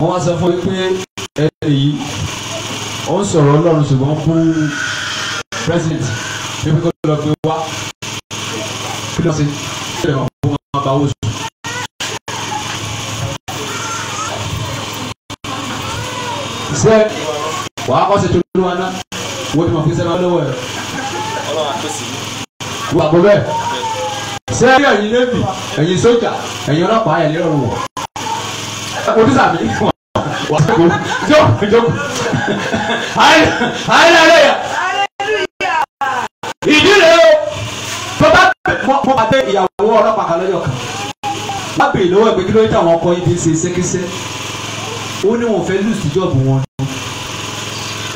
wọ́n wá sọ fún mi pé ẹni yìí ó ń sọ̀rọ̀ ọlọ́run ṣùgbọ́n fún president pípé kó lọ fi wá kí ló ṣe kí lè wọ́n fún wọn bá owó sùn. ṣé wàá kọ́ sí tuntun wa náà wọ́n ti mọ̀ fi sẹ́nu lọ́wọ́ ẹ̀. wọ́n àgbo bẹ́ẹ̀ ṣé ẹ̀yin navy ẹ̀yin sójà ẹ̀yin ọlọ́pàá ẹ̀yin ọ̀rùn wọ̀. onísàmì wà á kó tí ó kó jókòó. hallelujah. ìdílé o bàbá mo bàtẹ ìyàwó ọlọ́pàá kan lọ́jọ́ kan bàbá ìlówó ẹgbẹ́ kí ló ń tẹ àwọn ọkọ yìí fi ṣe ṣékéṣé ó ní wọn fẹ́ lùsì jọ́ọ̀bù wọn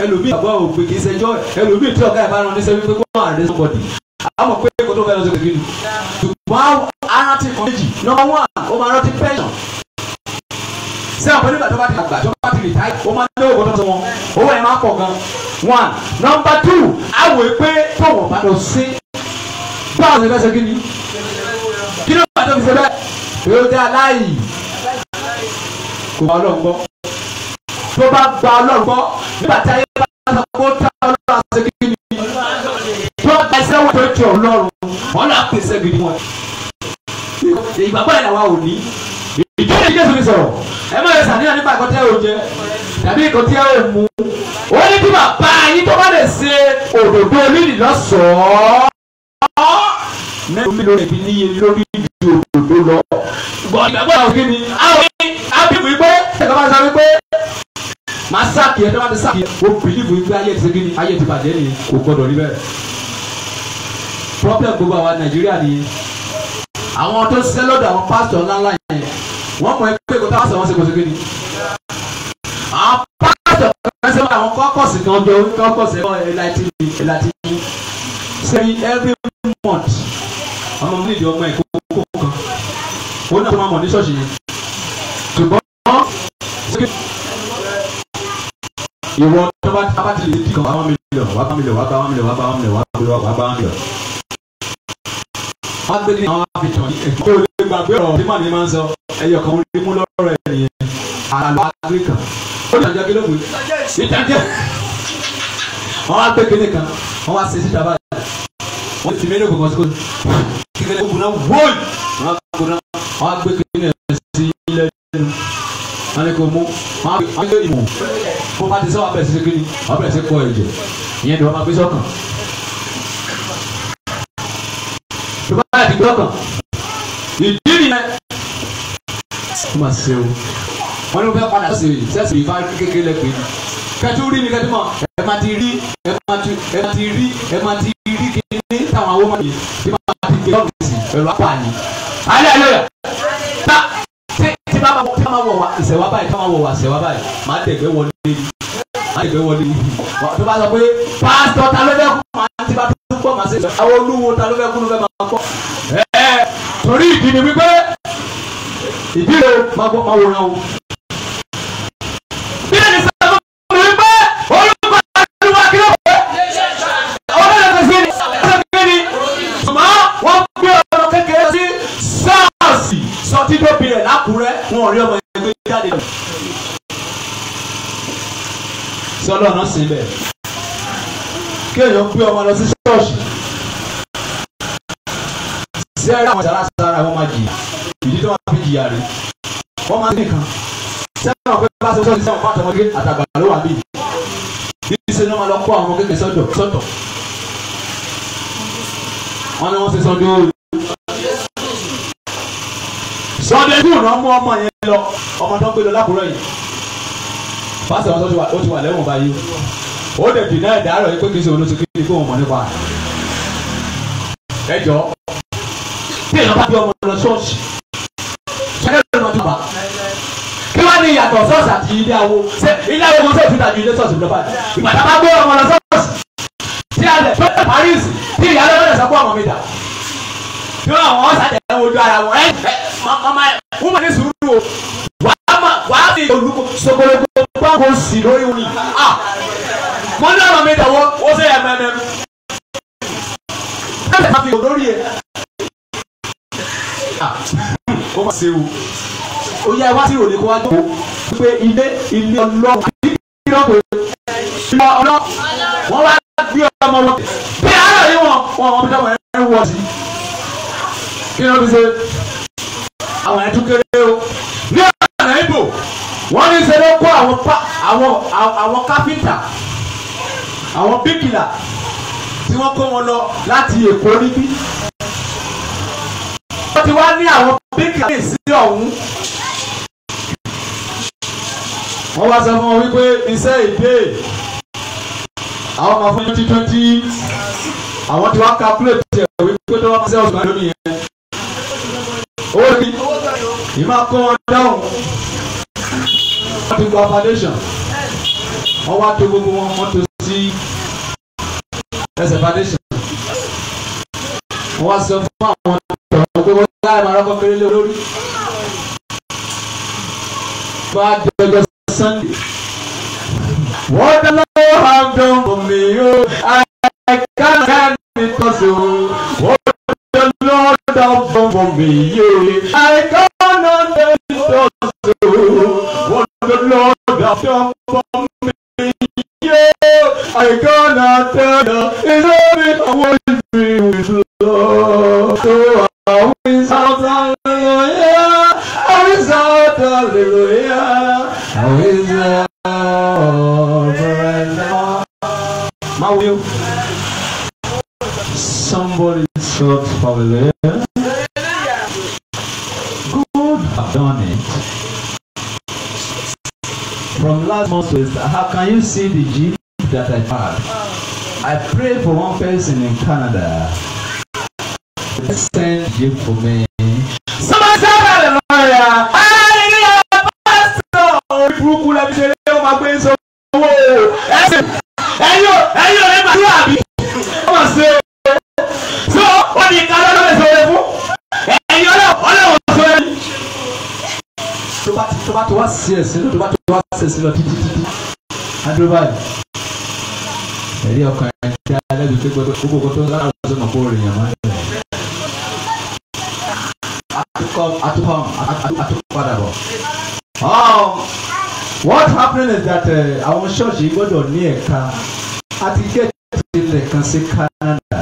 ẹlòmíì àbọ̀ òpè kì í ṣẹjọ́ ẹlòmíì tí ọ̀gá ẹ̀ bá rán ní sẹ́yìn pé kó máa rẹ̀ sọ́kọ̀dì àmọ̀ pé kó tó fẹ́ lọ sí pé kí ni. ṣùgbọ́n arántí kan méjì nọ́mbà one ó máa rántí pension ṣé àwọn onígbà tó bá ti àgbà tó bá ti rìtáì ó máa ń lé òkú tó wọn owó ẹ̀ máa pọ̀ gan one number two àwọ̀ pé tọ̀wọ̀ bá lọ sí báwo ni fẹsẹ̀ kíni kí ló bá tó fi ṣe bẹ́ẹ̀ yóò dé aláì kò bá ọlọ́run gbọ́ tó bá gba ọlọ́run gbọ́ nígbà tí ayé bá sọ kó tá ọlọ́run àti kíni tó bá ẹsẹ̀ wọ́n tó jẹ ọlọ́run wọn náà pèsè gidi wọn ìgbàgbọ́ ìlàwọ̀ òní ìjọba ìjọba mi sọ̀rọ̀ ẹ má yẹ sàníyàn nípa àkọ́tẹ́ oúnjẹ tàbí ìkọ́tẹ́ òmu ó ní kí bàbá yín tó bá lè ṣe òdòdó olílì lọ́sọ̀ọ́ mẹ́rin mi lórí ẹ̀bí níye lórí ju òdòdó lọ. ṣùgbọ́n ìgbàgbọ́ àwọn òkè ni àwọn abíwì pé ẹ̀ka máa sọ wípé màá sáàkì ẹ̀ dábàá ti sáàkì ẹ̀ ó bìlíìfù wípé ayé ti segin ni ayé ti bàjẹ́ ni kò gbọdọ̀ níbẹ̀. problem gbogbo àwa Nàìjíríà ni àwọn tó ṣiṣẹ́ lọ́dọ̀ àwọn pásítọ̀ ńláńlá yẹn wọ́n mọ̀ ẹgbẹ́ kó táwọn sọ̀rọ̀ ṣèkòṣe kéde. àwọn pásítọ̀ kan ṣe àwọn kọ́kọ̀sì kan jọ kọ́kọ̀sì ẹ̀kọ́ LITV LITV sẹ́yìn every month ọmọ mi nídìí ọmọ ẹ̀ kókó kan ó náà tó máa mọ̀ ní ṣọ́ọ̀ṣì yẹn. ṣùgbọ́n ìwọ tó bá tábàtì lè dì kan wá mílíọ̀n wá mílíọ̀n wá mílíọ̀n wá mílíọ̀n wá mílíọ̀n wá mílíọ̀n ábẹ́lì àwọn àfihàn ẹ̀kọ́ olè gbàgbé ọ̀rọ̀ tí màmí máa ń sọ ẹ̀yọ̀ kan rí mú lọ́rọ̀ ẹ̀ nìyẹn àlọ́ àgbẹ̀ kan ó ní àjọkí lóògùn ìtàjẹ́ wọ́n wá gbé kinní kan wọ́n wá ṣe síta báyìí wọ́n ti mẹ́rin ògùn kan sí kò kíkẹ́lẹ́ ògùn náà wọ́ọ̀lù wọ́n á gbé kinní wọ́n á gbé kinní ẹ̀ sí ilẹ̀ ẹnu wọ́n á ní kò mú wọ́n á gbé ìmọ̀ bó bá ti sọ́wọ́ abẹ́rẹ́ sí kinní abẹ́rẹ́ sí kọ́ ẹ̀jẹ̀ ṣùgbọ́n àdìgbò kan ìdí nìyẹn ó máa ṣe o wọn ní wọn fẹ́ padà sí sẹ́sì ìfá kékeré lẹ́pẹ́ ni kẹtù rí mi kẹtù mọ̀ ẹ máa ti rí ẹ máa ti ẹ máa ti rí ẹ máa ti rí kíní táwọn àwọn ọmọ yìí tí máa ti gbé ọ̀rùn sí ẹ̀rọ apá ni. hallelujah ta ṣe tí máa wọ tí máa wọ wa ìṣẹ̀wá báyìí tí máa wọ wa ìṣẹ̀wá báyìí máa tẹ̀gbẹ́ wọlé ni máa tẹ̀gbẹ́ wọlé ni tó bá sọ pé pásítọ̀ ta ló fẹ́ kú máa ti bá tó kọ́ màsí ìjọ àwọn olúwo ta ló fẹ́ kú ló fẹ́ máa kọ́. torí ìdí ni wípé ìdí máa gbọ́ máa wòran o. sọlọ́ọ̀nà sí kéèyàn gbé ọmọ lọ sí ṣọ́ọ̀ṣì sí ẹ̀rí àwọn ìjàlá sára wọn máa jìyà ìdí tó máa fi jìyà rẹ̀ wọ́n máa ń nìkan sẹ́wọ̀n pé bá ṣe sọ́ọ̀ṣì sẹ́wọ̀n fún àtọmọdé àtàgbà ló wà bíi bí ṣe náà máa lọ kó àwọn ọmọ kékeré sọ́dọ̀ sọ́tọ̀ wọn ni wọ́n ṣe sọ́dọ̀ òru sọ́dọ̀ ẹ̀dùn náà mú ọmọ yẹn lọ ọmọ tó ń gbé lọ lákùúrọ̀ yìí pásítọ̀ wọn tó ti wà lẹ́wọ̀n báyìí ó dẹ̀ dì náà dàárọ̀ yìí pé kì í ṣe òun ló ti fi kó òun mọ̀ nípa rẹ̀. ẹ jọ tí èèyàn bá bí ọmọ lọ ṣọ́ọ̀ṣì ṣẹlẹ̀ ló ń bá kí wọ́n ní ìyàtọ̀ ṣọ́ọ̀ṣì àti ilé awo ṣé ilé awo ṣe òfin tàbí ilé ṣọ́ọ̀ṣì lọ́ba ìgbàdá bá gbé ọmọ lọ ṣọ́ọ̀ṣì tí a tó lẹ̀ Paris tí ìyá lọ́wọ́ sọ pé ọmọ mi dà o wàá fi olùkọ́ wọ́n ní àwọn mi dàwọ́ ó sẹ́ ẹ̀ mẹ́mẹ́nu. ẹ bẹ̀rẹ̀ fi òdórí ẹ̀. Ah, ó mà ṣe o ó yá wá sí òní kó wá jókòó pé ilé ilé ọlọ́run àbí ìrọ́pẹ́ ilé ọlọ́run wọ́n wá bí ọmọ wọn bí àárọ̀ yìí wọn wọn ọmọ dáwọn ẹ̀rù wọ̀ sí. kí ni wọ́n fi ṣe àwọn ẹ̀tún kéré o ní ọ̀nà ìbò wọ́n ní sẹ́dọ̀ kó àwọn káfíńtà àwọn bíkìlà tí wọ́n kó wọn lọ láti èkó níbí. wọ́n ti wá ní àwọn bíkìlà lè sí ọ̀hún. wọ́n wá sọ fún wọn wípé iṣẹ́ ìdè àwọn máa fún yín títún tí àwọn ti wá calculate ẹ̀ wípé tó wá fún sẹ́wọ̀n ìgbàlódé yẹn. owó ni ìmọ̀ kó wọn dáhùn wọ́n ti gba foundation wọ́n wá tó gbogbo wọn wọ́n tó sí ẹsẹ̀ foundation. wọ́n sọ fún àwọn ọ̀rọ̀ pé wọ́n láì máa rọ́pò kéré lé olórí. bá a di ọjọ́ sunday. wọ́n dáná ó hàn dán fún mi ó àìkáńká mi wọ́n dáná ó dán fún mi yé àìkáńká mi tọ́ wọ́n dáná ó dán I cannot tell you, it's only a want to be with love. So I'm will shout hallelujah, I'm will shout hallelujah, I'm will shout hallelujah. My will. Somebody shout hallelujah. Good I've done it. From last month, how can you see the G? that I had. I prayed for one person in Canada. Send you for me. Somebody say hallelujah. Hallelujah, pastor. Orí burúkú lẹ́bi ṣe lé ọmọ agbé ń sọ owó o. Ẹ̀sìn ẹ̀yìn ò ẹ̀yìn ò lè máa dúró àbí. Ọmọ ṣe o. So ó ní ìkàlọ́ ló lè sọ̀rọ̀ fún. Ẹ̀yìn ọlọ́wọ́ sọ̀rọ̀ ni. Tó bá tó wá sí ẹ̀sìn lọ, tó bá tó wá sí ẹ̀sìn lọ títí títí. Adúlọ́ báyìí ẹ̀rí ọkàn ẹ̀ ṣe alẹ́bi pé gbogbo gbogbo tó ń lára ọ̀dọ́ mọ̀ kó rè yàn máa ń rẹ̀. Atukọ̀ oh, What happened is that eh, àwọn ṣọ́ọ̀ṣì gbọ́dọ̀ ní ẹ̀ka àti gẹ́gẹ́ ilẹ̀ kan sí Canada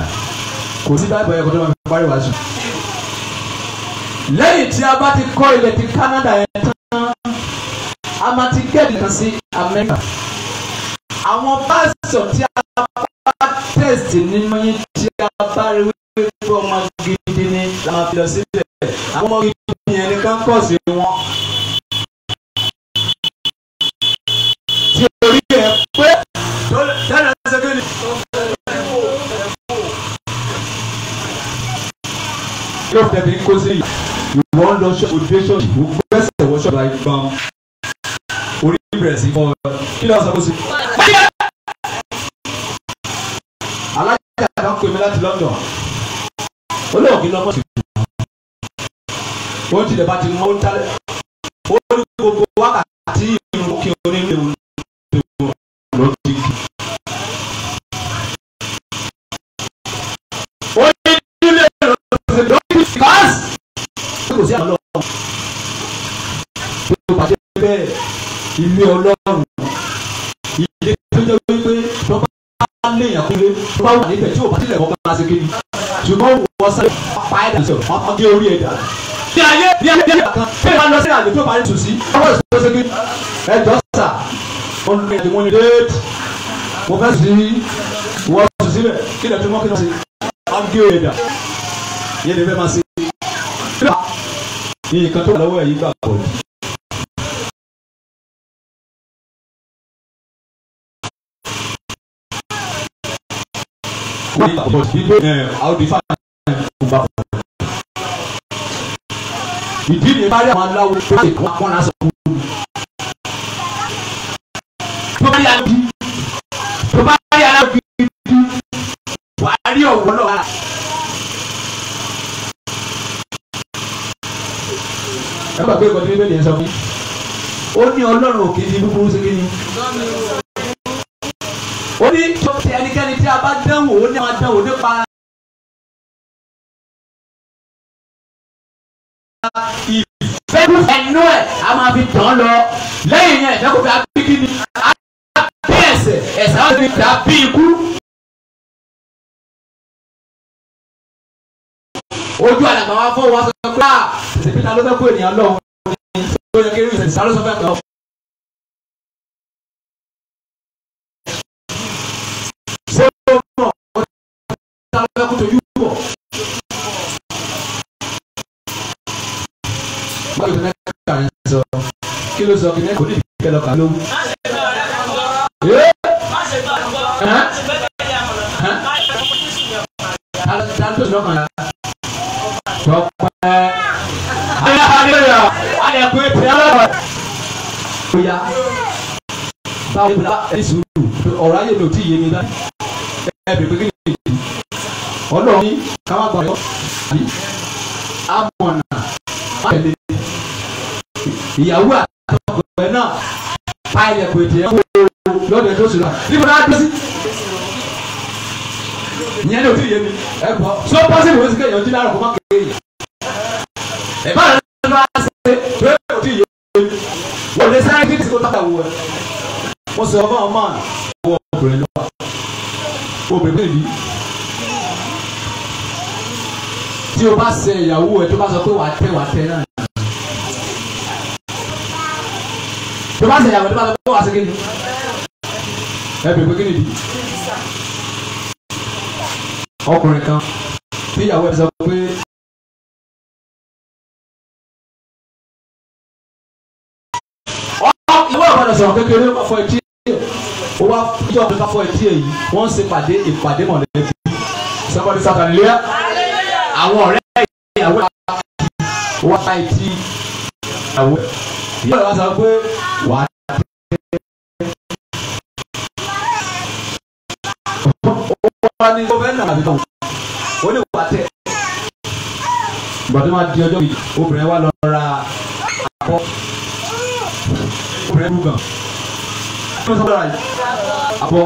kò sí báyìí ẹ̀kọ́ tó máa fi parí wájú. Lẹ́yìn tí a bá ti kọ́ ilẹ̀ ti Canada yẹn tán a máa ti gẹ́gẹ́ kan sí America àwọn pásítọ̀ tí a bá tẹ̀sí nínú yín tí a bá rí wípé ọmọ gidi ni la máa fi lọ sílẹ̀ àwọn ọmọ gidi yẹn ní kámpọ̀sì wọn. ti orí ẹ̀ pé tẹ́lẹ̀ ṣe kí ni. yóò tẹ̀lé kó sí ìwọ ń lọ ṣọ́ọ̀bù dé ṣọ́ọ̀bù gbẹ́sẹ̀ wọ ṣọ́ọ̀bù àyè gbọ́n orí bẹ̀rẹ̀ sí fún ọ kí ló sọ fún sí. pè mí láti London ó lè òkè lọ́mọ́ ṣùgbọ́n ó ti dẹ̀ bá ti mọ́ ń tálẹ̀ ó ní gbogbo wákàtí ìrun kí onílé-ewu ló ti kí. ó ní ilé ìrọ̀lẹ́ ló ti fi káàsì kò sí àwọn ọlọ́run tó pàṣẹ bẹ́ẹ̀ ilé ọlọ́run. léèyàn kúlé tó bá wà níbẹ̀ tí o bá tilẹ̀ kọ́kọ́ máa ṣe kéde ṣùgbọ́n wọ́n sáré pa ẹ̀dá sọ wọ́n gé orí ẹ̀dá. bí ayé bí ayé bí ayé kan bí lọ sí àjò tó bá rí tù sí ọwọ́ ìṣòro ṣe kéde ẹjọ́ sà wọ́n ní ẹ̀dínwó déètì mo fẹ́ sí wọ́n tù sílẹ̀ kí lẹ́tọ́ mọ́ kí lọ́ sí gé orí ẹ̀dá but people how the fact ìgbà fún mi. ìdí ni bá rí àwọn aláwo tó lè wá kọ́ra sọ fún mi. tó bá rí alábi tó bá rí alábi wà á rí ọ̀wọ́ náà. ẹ gbàgbé ìkọ́jú nílé yẹn sọ fún mi. ó ní ọlọ́run òkè ní búburú sí kí ni ó ní tòkè ẹnikẹ́ni tí a bá dánwò ó ní máa dánwò nípa ìfẹ́ ẹnu ẹ̀ a máa fi tàn lọ lẹ́yìn yẹn ìfẹ́ fi abíkí ni a bí ẹsẹ̀ ẹsẹ̀ á lè ta bí ikú. ojú àlàgbà wa fọwọ́ sọ pé a ah, ṣèpítà ló kó ènìyàn lọ́wọ́ ní ìṣòro yẹn kí irú ìṣẹ̀ṣẹ̀ sáré sọ fẹ́ kàn án. fẹ́ kó tojú bọ̀. báyìí ní ká yẹn sọ kí ló sọ kí ní kò ní ìdíkẹ́ lọ kà ló. Alájọ́ ìlú ọkàn yé mi dá. Ẹ bèbè kí ni ọ̀dọ̀ ní káwá gbà yọ àbí amọ̀nà pàtẹ́lẹ̀ ìyàwó àtọkọ̀ẹ́ náà pàìlẹ̀ kò tiẹ̀ wò lọ́dọ̀ ẹ̀ tó sùn lọ níbo náà dé sí. ìyẹn ní òtún yé mi ẹ gbọ́ so possible wọ́n ti kẹ́ ìyànjú lára kó má kéé yìí. ẹ̀ bá rẹ̀ ló bá ṣe tó yẹ kó tún yé mi wọ́n lè sáré kí ní sèkó tàkà wọ̀ ẹ́ mo sọ fún ọmọ àwọn ọkùnrin lọ́wọ́ obìnrin yìí tí o bá ṣe ìyàwó ẹ tó bá sọ pé wàá tẹ wàá tẹ náà tó bá ṣe ìyàwó tó bá sọ pé wàá ṣe kí ni ẹ bẹ̀rẹ̀ pé kí ni di ọkùnrin kan tí ìyàwó ẹ sọ pé. ìwé ọ̀gbọ́dọ̀ sọ̀rọ̀ kékeré wọ́n fọ etí ẹ̀ o wá ìjọba fọ etí ẹ̀ yìí wọ́n ń ṣe pàdé ìpàdé mọ̀lẹ́bí somebody sat and leer àwọn ọ̀rẹ́ ìyàwó wa ti ìyàwó ìyàwó wa sọ pé wà á tẹ́ wọ́n ní tó fẹ́ nà àbí tán ó ní wà á tẹ́ ìgbà tó máa di ọjọ́ yìí obìnrin wa lọ ra àpọ̀ obìnrin rúgàn àpọ̀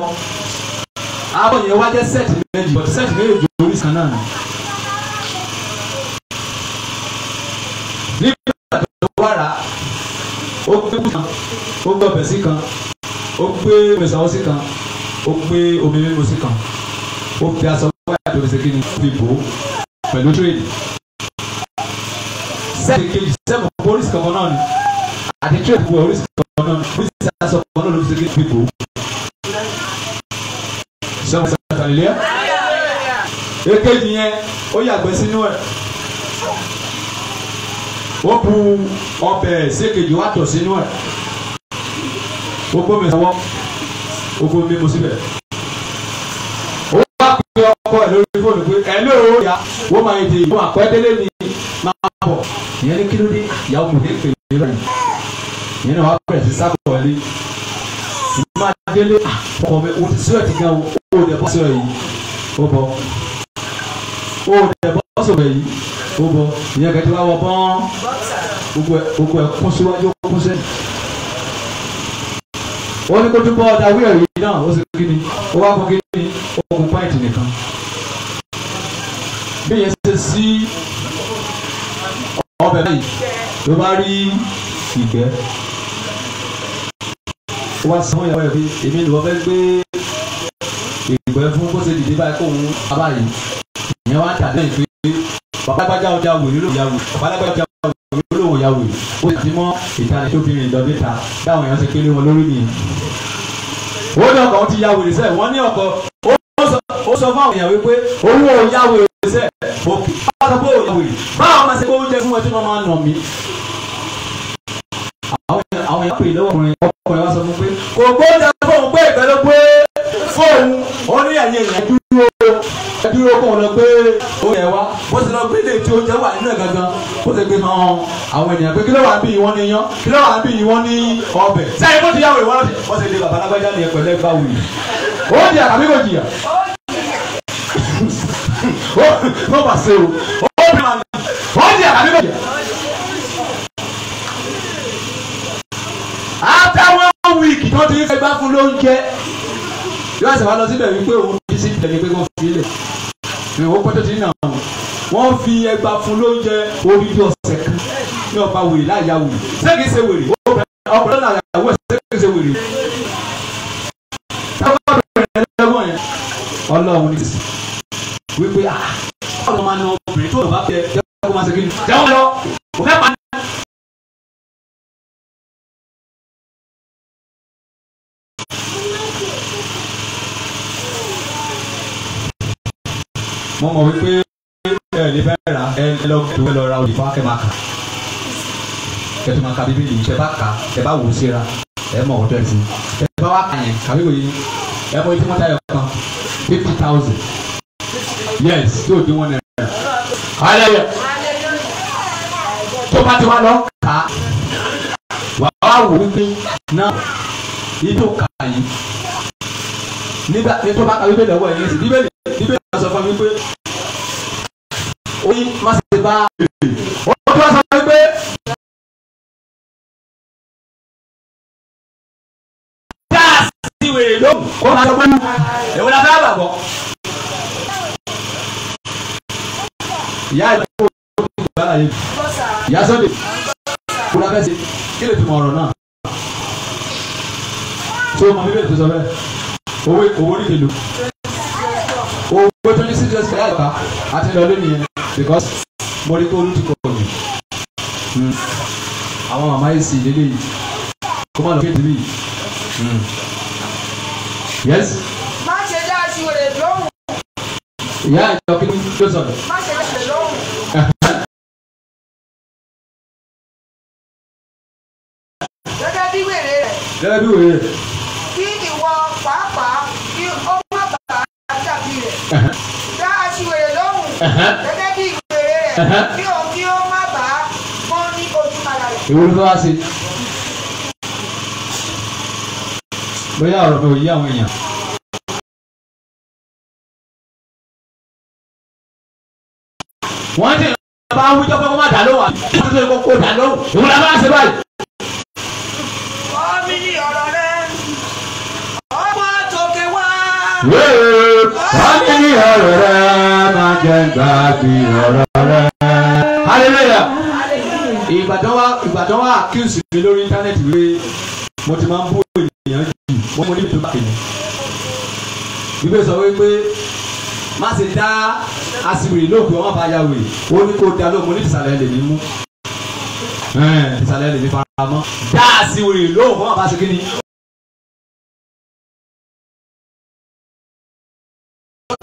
àpọ̀ yẹn wá jẹ́ sẹ́ẹ̀tì méjì sẹ́ẹ̀tì méjì orí kan náà nù. nígbà tó wà rà ó gbé kùtà ó gbé ọbẹ̀ sí kan ó gbé mẹsàwọ́ sí kan ó gbé omi mímu sí kan ó fi aṣọ wáyà àti omi sèkéyìn fi bò ó pẹ̀lú tírèdì sẹ́ẹ̀dì kejì sẹ́ẹ̀mù oríṣi kan náà ni àti tírèdì gbogbo oríṣi kan náà ni oríṣi aṣọ kan náà ló fi sèkéyìn fi bò ó. sọ́wọ́n sọ́wọ́n sọ́wọ́n ilé ẹ̀kejì yẹn ó yàgbẹ́ sínú ẹ̀ wọ́n bu ọbẹ̀ ṣékejì wá tọ̀ sínú ẹ̀ ó gbọ́ mi sọ́wọ́ ó gbọ́ mi mo síbẹ̀ ó wá pe ọkọ ẹ̀ lórí fóònù pé ẹ̀ ló ó yá wọ́n máa yẹ ìyá àpẹ́ délé ni máa bọ̀ ìyẹn ní kí ló dé ìyá ọmọ mi pè é rẹ̀ ìyẹn náà wá bẹ̀rẹ̀ sí sábọ̀ wọlé ìyẹn máa délé ah, ọkọ mi òun ti sọ́ọ̀ ti gan o ò dẹ̀ bọ́ sọ́ọ̀ yìí ó bọ̀ o dẹ̀ bọ́ sọ̀rọ̀ yìí o bọ̀ ìyẹn kẹ́tẹ́ wá wọ pọ́n gbogbo ẹ̀ kún síwájú kún sẹ́yìn. ó ní kó túbọ̀ ọ̀dà wíwẹ̀ yìí náà o sì kí ni ó wá kó kí ni ó kún pọ́ìntì nìkan. bí yẹn ṣe sí ọbẹ̀ báyìí ló bá rí ìgbẹ́ ó wá sanwó ìyàwó ẹ̀ pé èmi ni wọ́n fẹ́ gbé ìgbẹ́ fún bó ṣe dìde báyìí kóun abáyìí ìyẹn wá tàbí ẹ̀ pé ọjà wòlíì ló yàwò babalágbájá wòlíì ló yàwò ó sì mọ ìtàlẹ̀ tó bìnrin lọ níta táwọn èèyàn ti kélé wọn lórí nìyẹn. ó ní ọkọ̀ ti yàwò rẹ̀ sẹ́ ní ọkọ̀ ó sọ fún àwọn èèyàn wípé owó yàwò rẹ̀ sẹ́ òkè báwọn bó yàwò rẹ̀ báwọn máa ṣe pé oúnjẹ fún wọn tí wọ́n máa nà mí. àwọn èèyàn pè lọ́wọ́ ọkùnrin ọkùnrin wa sọ fún pé kò gbọ́dọ̀ fóun pé ìgbẹ́ ló pé fóun ó ní ẹ̀yìn ẹ̀yìn ẹ dúró kó lọ pé ó yẹ wá bó ti lọ pé ilé tí ó jẹ wà nínú gangan ó ti gbé hàn àwọn ènìyàn pé kí wà bí wọ́n ní yán kí wà bí wọ́n ní ọbẹ̀ sẹ́yìn bó ti yàwó ìwọ́n lọ́sẹ̀ wọ́n ti lé bàbá alágbájá ní ẹ̀pẹ̀lẹ́ gbà wù yìí ó jìyà àbí kò jìyà ó bà ṣe o ó bí ma ní ó jìyà àbí kò jìyà. àtàwọn wíìkì tó ti ń fẹ́ gbá fún lóúnjẹ yóò ṣe wá lọ síbẹ̀ wípé òun ẹni pé kò fi lè ìwọ pọ́tò tí nà wọ́n fi ẹgbà fún lóúnjẹ orí bí ọ̀sẹ̀ kan ní ọba wèrè láyà wèrè sẹ́kì ṣe wèrè ọkùnrin náà yàwó sẹ́kì ṣe wèrè. ọlọ́run ní sísè wípé ọlọ́run máa ń ná obìnrin tó lọ́ bá fẹ́ ẹ kó máa ṣe kí ni. jẹ́wọ́n lọ òfẹ́ pa mo mọ̀ wípé ẹ lè fẹ́ ra ẹ lọ tó ẹ lọ ra olè fún akẹ́mà kan ẹ tó máa ka bíbélì yìí ẹ bá ka ẹ bá wò síra ẹ mọ̀ ọ̀dọ́ ẹ fún ẹ bá wà kàn yẹn kàwé wòye ẹ mọ̀ etí wọn tayọ kan fifty thousand yes tí o dín wọn náírà hallelujah tó bá ti wá lọ kà á wà á wò wípé náà yìí tó kà yìí nígbà tó bá ka bíbélì ọwọ́ yẹn sí bíbélì bíbélì náà sọ fún mi pé ó ní má ṣe bá èrè ó tún wá sọ fún mi pé. gáàsì ti wèrè lóhùn kó máa sọ pé èwo la fẹ́ gbàgbọ́. ìyá ìlú kò tó bá àyè ìyá sọ́dẹ̀ kó la fẹ́ ṣe kí náà tó mọ bíbélì tó sọ bẹ́ẹ̀ owó orí kèlò owó tó ní six years pẹ̀lú àti lọ lónìí because mo rí pé olùdíkọ̀ mi hmm. àwọn màmá yìí sì lélẹ̀ yìí kó má lọ kéde mi. Hmm. yes. má ṣe dá aṣọ rẹ̀ lóhùn. ìyá ìjọ kí ni ló sọ̀rọ̀. má ṣe dá aṣọ lóhùn. *laughs* gẹ́gẹ́ bí wèrè rẹ̀. gẹ́gẹ́ bí wèrè rẹ̀. kí ìwọ pàápàá àṣàbí rẹ̀ dá aṣiwèrè lóhùn gẹ́gẹ́ bí ìgbèrè rẹ̀ kí òun kí ó má bàa mọ́ ní ojú ara rẹ̀. ìwé ló wá sí. bóyá ọ̀rọ̀ tó yí àwọn èèyàn. wọ́n ti bá wíjọ́ pé kó má dà lóhùn àti wọ́n ti sọ kó dà lóhùn ìwé bá ṣe báyìí. ọmọ mi ọ̀rọ̀ rẹ̀ ọmọ tòkè wá ọ̀rọ̀ máa jẹ́ gbà bí ọ̀rọ̀ rẹ. hallelujah ìbàdàn wa ìbàdàn wa àkíyèsí mi lórí íńtánẹ́ẹ̀tì wí mo ti máa ń bú ènìyàn jù wọ́n mo ní ìtò bá kìnnì. bíbélì sọ wípé má ṣe dá aṣiwèrè lóògùn ọmọ àbáyá wèrè ó ní kó dá lóògùn oníṣàlẹ̀ lè mí mú ìṣàlẹ̀ lè mí faramọ́ dá aṣiwèrè lóògùn ọmọ àbáṣe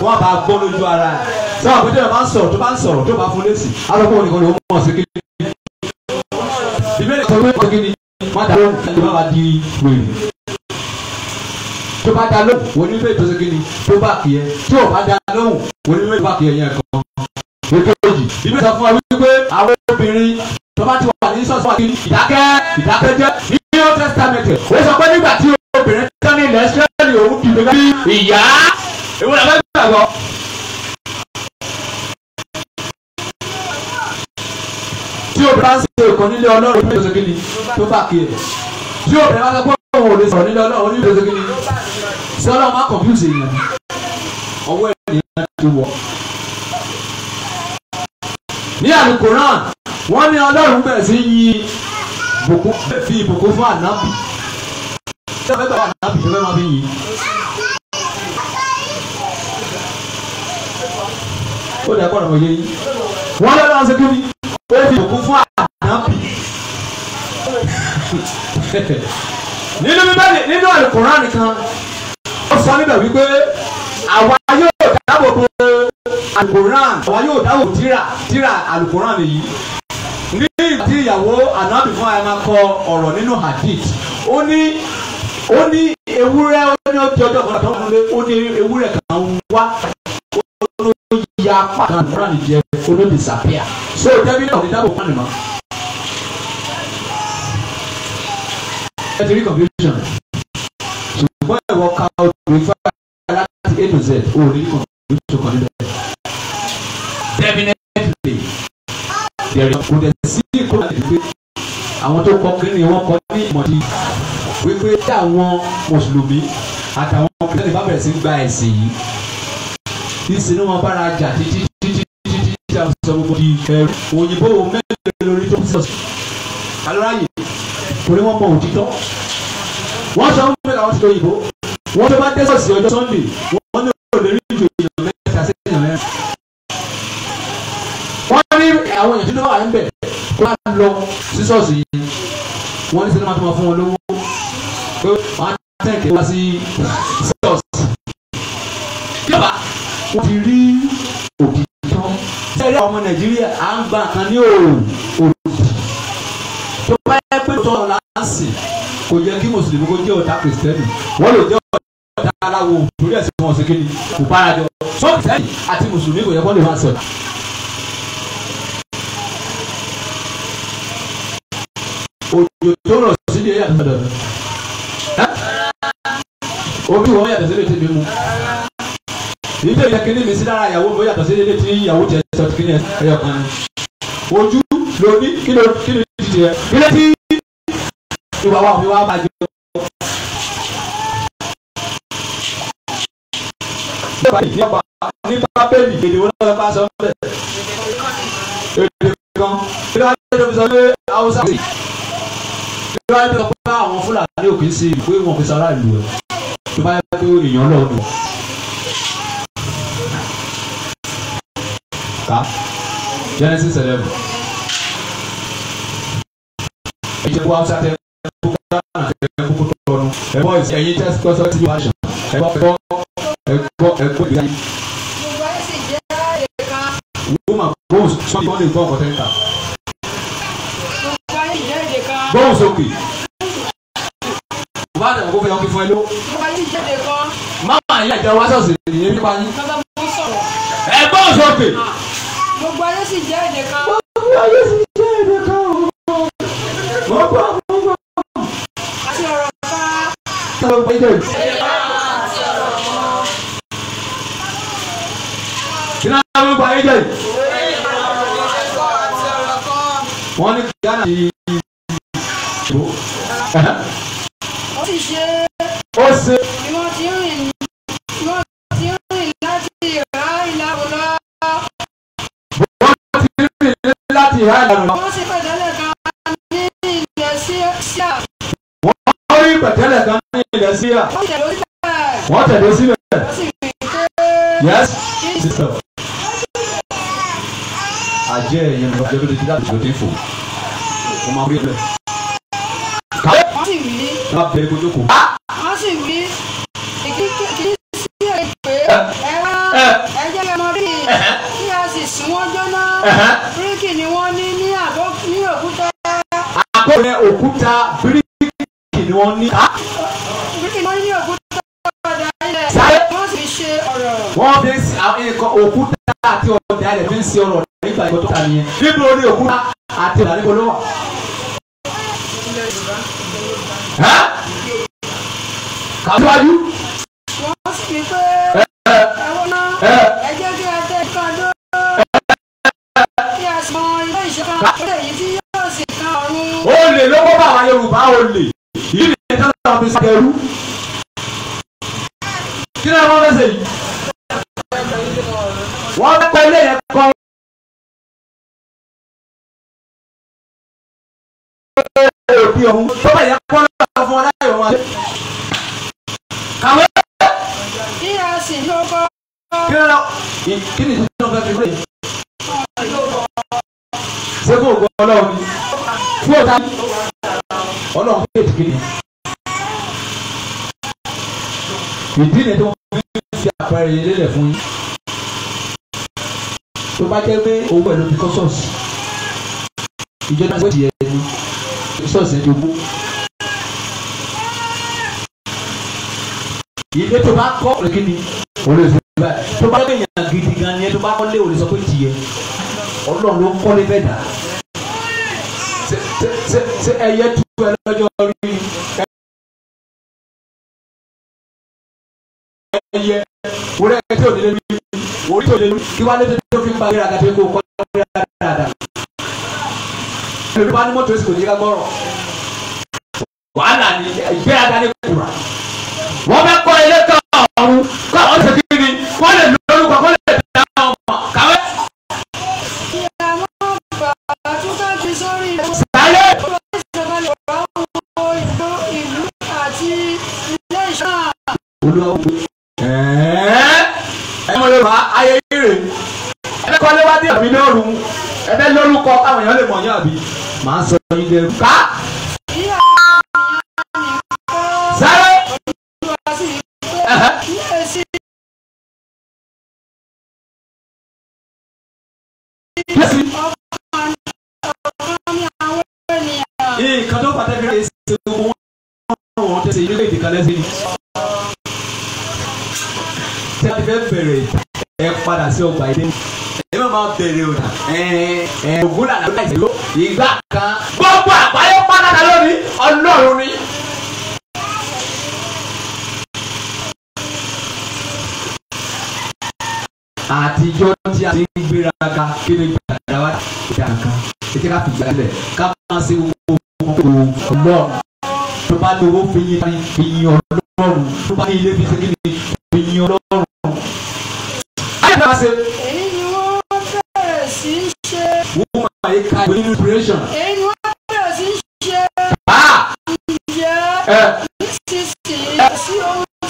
wọ́n bá gbọ́ lójú ara ẹ̀ sọ àpèjọ ẹ̀ máa ń sọ̀rọ̀ tó bá ń sọ̀rọ̀ tó bá fún lẹ́sì alọ́kọ̀ òní kan ni ó mọ̀ sí kíni. ìbéèrè kan ló ń bọ̀ kíni wọ́n dá lóhùn ẹni bá di wèrè. tó bá dá lóhùn wọ́n ní bẹ́ẹ̀ tó sí kíni tó bá kì í ẹ tó bá dá lóhùn wọ́n ní bẹ́ẹ̀ tó bá kì í ẹ yẹn kan. èkejì ìbéèrè sọ fún wa wípé àwọn obìnrin tó bá ti wà ní sọ́sọ́ àti ìdákẹ́ ìdákẹ́jẹ́ ní New Testament ó sọ pé nígbà tí obìnrin tán ní ilẹ̀ Ísírẹ́lì òun dìbò bí ìyá ìwúlẹ̀ gbàgbọ́. tí o bá ń ṣe ìkan nílé ọlọ́run ní ìdòsókè ni tó bá kí ẹ̀. tí o bá wá gbọ́ òun ò lè sọ̀rọ̀ nílé ọlọ́run ní ìdòsókè ni sí ọlọ́run má kọ̀mpútì èèyàn ọwọ́ ènìyàn ti wọ̀. ní àlùkòrán wọ́n ní ọlọ́run bẹ̀rẹ̀ sí yin bùkún fi ìbùkún fún ànábì. ṣé o fẹ́ gbà wà ànábì tó fẹ́ máa fi yin? ó dẹ̀ kọ́ ọ̀rọ̀ yẹ yín wọ́n lọ́dọ̀ ṣe kí ni ó fi òkú fún ànábì nínú bíbélì nínú àlùkùrán nìkan ó sọ níbẹ̀ wípé àwa yóò dáàbò bo àlùkùrán àwa yóò dáàbò tírà tírà àlùkùrán nìyí ní ìgbà tí ìyàwó ànábì fún ayé máa kọ ọ̀rọ̀ nínú hadith ó ní ó ní ewúrẹ́ ó ní ọjọ́ ọjọ́ kan tó ó ní ewúrẹ́ kan wá ó ya pàtàkì àdúrà nìjẹ fọlọ́ disapia so dẹ́bi náà ò ní dábò fún ànìmọ́. ẹ ti rí confusion ṣùgbọ́n ẹ̀wọ̀ ká ọdún ìfẹ́ láti a to z ò ní confusion kan níbẹ̀. definitely there is kò dẹ̀ sí kó láti gbé àwọn tó kọ kí ni wọ́n kọ ní ìmọ̀dí wípé àwọn mùsùlùmí àtàwọn kìlẹ̀ nípa bẹ̀rẹ̀ sí gba ẹ̀sìn yìí níṣẹ́ ni wọ́n bára jà títí títí títí tí a sọ gbogbo di ẹrù òyìnbó mẹ́rin lórí tó ń sọ sí aláráyè torí wọ́n mọ òtítọ́ wọ́n sọ fún mi làwọn ti lọ òyìnbó wọ́n tó bá dé sọ̀sì ọjọ́ Sunday wọ́n ní òlérí ìjọ èèyàn mẹ́ta sí èèyàn mẹ́rin wọ́n ní àwọn èèyàn tó náà wà ń bẹ̀ kó bá lọ sí sọ̀sì yìí wọ́n ní sinimá tó máa fún wọn lówó pé wọ́n á tẹ̀kẹ́ ó ti rí òbí tán. sẹ́yìn ọmọ nàìjíríà à ń gba kan ní òòrùn òòrùn tó bá yẹ pé tó ọ̀la ń kò yẹ kí mùsùlùmí kó jẹ́ ọ̀tá kìrìsìtẹ́nì wọ́n lè jẹ́ ọ̀tá aláwo torí ẹ̀sìn wọn ṣe kéde kò bára jọ tó kìrìsìtẹ́nì àti mùsùlùmí kò yẹ kó lè máa sọ̀rọ̀. òjò tó rọ̀ sí ilé yàtọ̀ dọ̀ omi wọn yàtọ̀ sí ilé tèmi mu yìí lè yẹ kí ní mi sí lára ìyàwó mi ó yàtọ̀ sí ilé tí ìyàwó tiẹ̀ sọ kí ni ẹyọ kan ojú ló ní kí ló kí ló ti tiẹ̀ ilé tí ìwà wa fi wá bàjẹ́ nípa nípa bẹ́ẹ̀ni èdè wọn náà bá sọ bẹ́ẹ̀ èdè kan ìlú adéjọ́ fi sọ pé haúsá wò sí ìlú adéjọ́ sọ pé àwọn fúlàní òkè sí ìpé wọn fi sara ìlú ẹ̀ tó bá yẹ pé èèyàn lọ́ọ̀dún. Ka. Genesis eleven. Ẹ̀yin tẹ́ kó Hausa tẹ́ kó Ghana tẹ́ kó kó tọ́nu. Ẹ̀bọ́ ìsìn ẹ̀yin tẹ́ kó sọ́ọ́ tí wàá ṣàn. Ẹ̀gbọ́ ẹ̀gbọ́ ẹ̀gbọ́ ẹ̀gbọ́ ìgbà yìí. Wúmà gbóhùn sọ́ọ́ ìkọ́ni ìgbọ́ ọ̀kọ̀ tẹ́ńtà. Gbóhùn sókè. Bàbá àdàmọ̀ kó fẹ́ ọkì fún ẹ ló. Máa yà ìjà wá sọ̀sì nìyẹn nípa yín. Ẹ gbóhùn sókè gbogbo ayé sì jẹ́ èdè kan. gbogbo ayé sì jẹ́ èdè kan o. mo gbọ́ mo gbọ́. àti ọ̀rọ̀ bá. ọ̀rọ̀ bá jẹ́ ìlú. iná ló ń jẹ́ ìlú. wọ́n ní Ghana ti ìbò. ó sì ṣe. ó ṣe. ti há ìdànù. wọ́n sì pẹ̀tẹ́lẹ̀ kan ní ilẹ̀ síà. wọ́n rí pẹ̀tẹ́lẹ̀ kan ní ilẹ̀ síà. wọ́n tẹ̀lé síbẹ̀. yes sister. àjẹ́ ẹ̀yẹ ló jẹ́ lórí dídá ìjọ dífò. wọ́n máa rí ẹ̀. kàwé. wọ́n sì wí. wọ́n máa bẹ̀rẹ̀ kojú kù. wọ́n sì wí. kìkì sí ẹ̀ pé ẹ wá eh, eh. ẹ jẹ́ ọmọdé eh, kí a sì sún wọ́n jóná. àkókò rẹ òkúta bíríkì ni wọ́n ní. wọ́n ní ṣe ọ̀rọ̀. wọ́n fi nǹkan òkúta àti ọ̀dà ilẹ̀ fi ń ṣe ọ̀rọ̀ nígbà ìgbà tó ta nìyẹn níbo ni òkúta àti ọ̀dà níbo ló wà. kàwájú. wọ́n sì ní pé ẹ̀wọ̀n náà kí a sì mọ ilé ìṣèkà yorùbá ò lè yìí ni ẹ̀ka náà fi sàkẹ́rù kí ni wọ́n fẹsẹ̀ yìí wọ́n pẹ́ lé ẹ̀kọ́. kàwé. kí a sì ló bọ́. kí ló kí ni ìṣúná bẹ́ẹ̀ fi wé. ṣé kò gbọ́ ọlọ́run fún ọ̀tá ọlọ́run tó ètùkì ni ìdí ni tó ń fi àpẹẹrẹ yẹn lélẹ̀ fún yín tó bá jẹ́ pé owó ẹ̀ ló fi kọ́ ṣọ́ọ̀ṣì ìjọba ìwé ìyẹn ni ṣọ́ọ̀ṣì ẹ̀ jogún. ilé tó bá kọ́ ọ̀rẹ́ kíni olè fún ibà tó bá gbẹ̀yàn gidi gan ni ẹ tó bá kọ́ lé olè sọ pé tìyẹ ọlọ́run ló ń kọ́ lé bẹ́ẹ̀ dà ṣe ẹyẹ tu ẹ lọ́jọ́ rí ẹyẹ wúrẹ́ tí ò lè lórí wòrí tí kí wàá lédè tó fi ń ba ìrà àgàtà kó kọ́ ọ́ dáadáa. ẹlòmíràn ni mọ́tò èsì kò wàhálà ni ìgbéraga ni kura. olúwa ẹ mọ yorùbá ayé rè ẹbẹ kọ́lé wá dé àbí lóru ẹbẹ lórúkọ káwọn èèyàn lè mọ̀ yín àbí màá sọ yín dẹrù ká. sáré. Yẹ́sì. Ìkàtọ́ pàtàkì rẹ̀ ṣe wọ́n tẹ̀sí ilé ìdíkalẹ́ sí i ṣé ẹ fẹ́ bẹ̀rẹ̀ ẹ padà sí ọgbà ìdí ẹ má máa bẹ̀rẹ̀ ọ̀nà ẹ ògùn làná lọ́la ìṣèlú ìgbà kan gbogbo àgbáyé pátá lónìí ọlọ́run ni. àtijọ́ tí a ti ń gbéraga kí ni gbàdá wa dà kan ẹ jẹ́ ká fi gbàdá lẹ̀ ká máa ṣe owó ọlọ́run tó bá lówó fi yin ọlọ́run tó bá ní ilé fi ṣe kí ni. màlàíkà nínú creation. èyí wọ́n bẹ̀rẹ̀ sí í ṣe ìyẹ́ nísinsìnyí sí ohun tó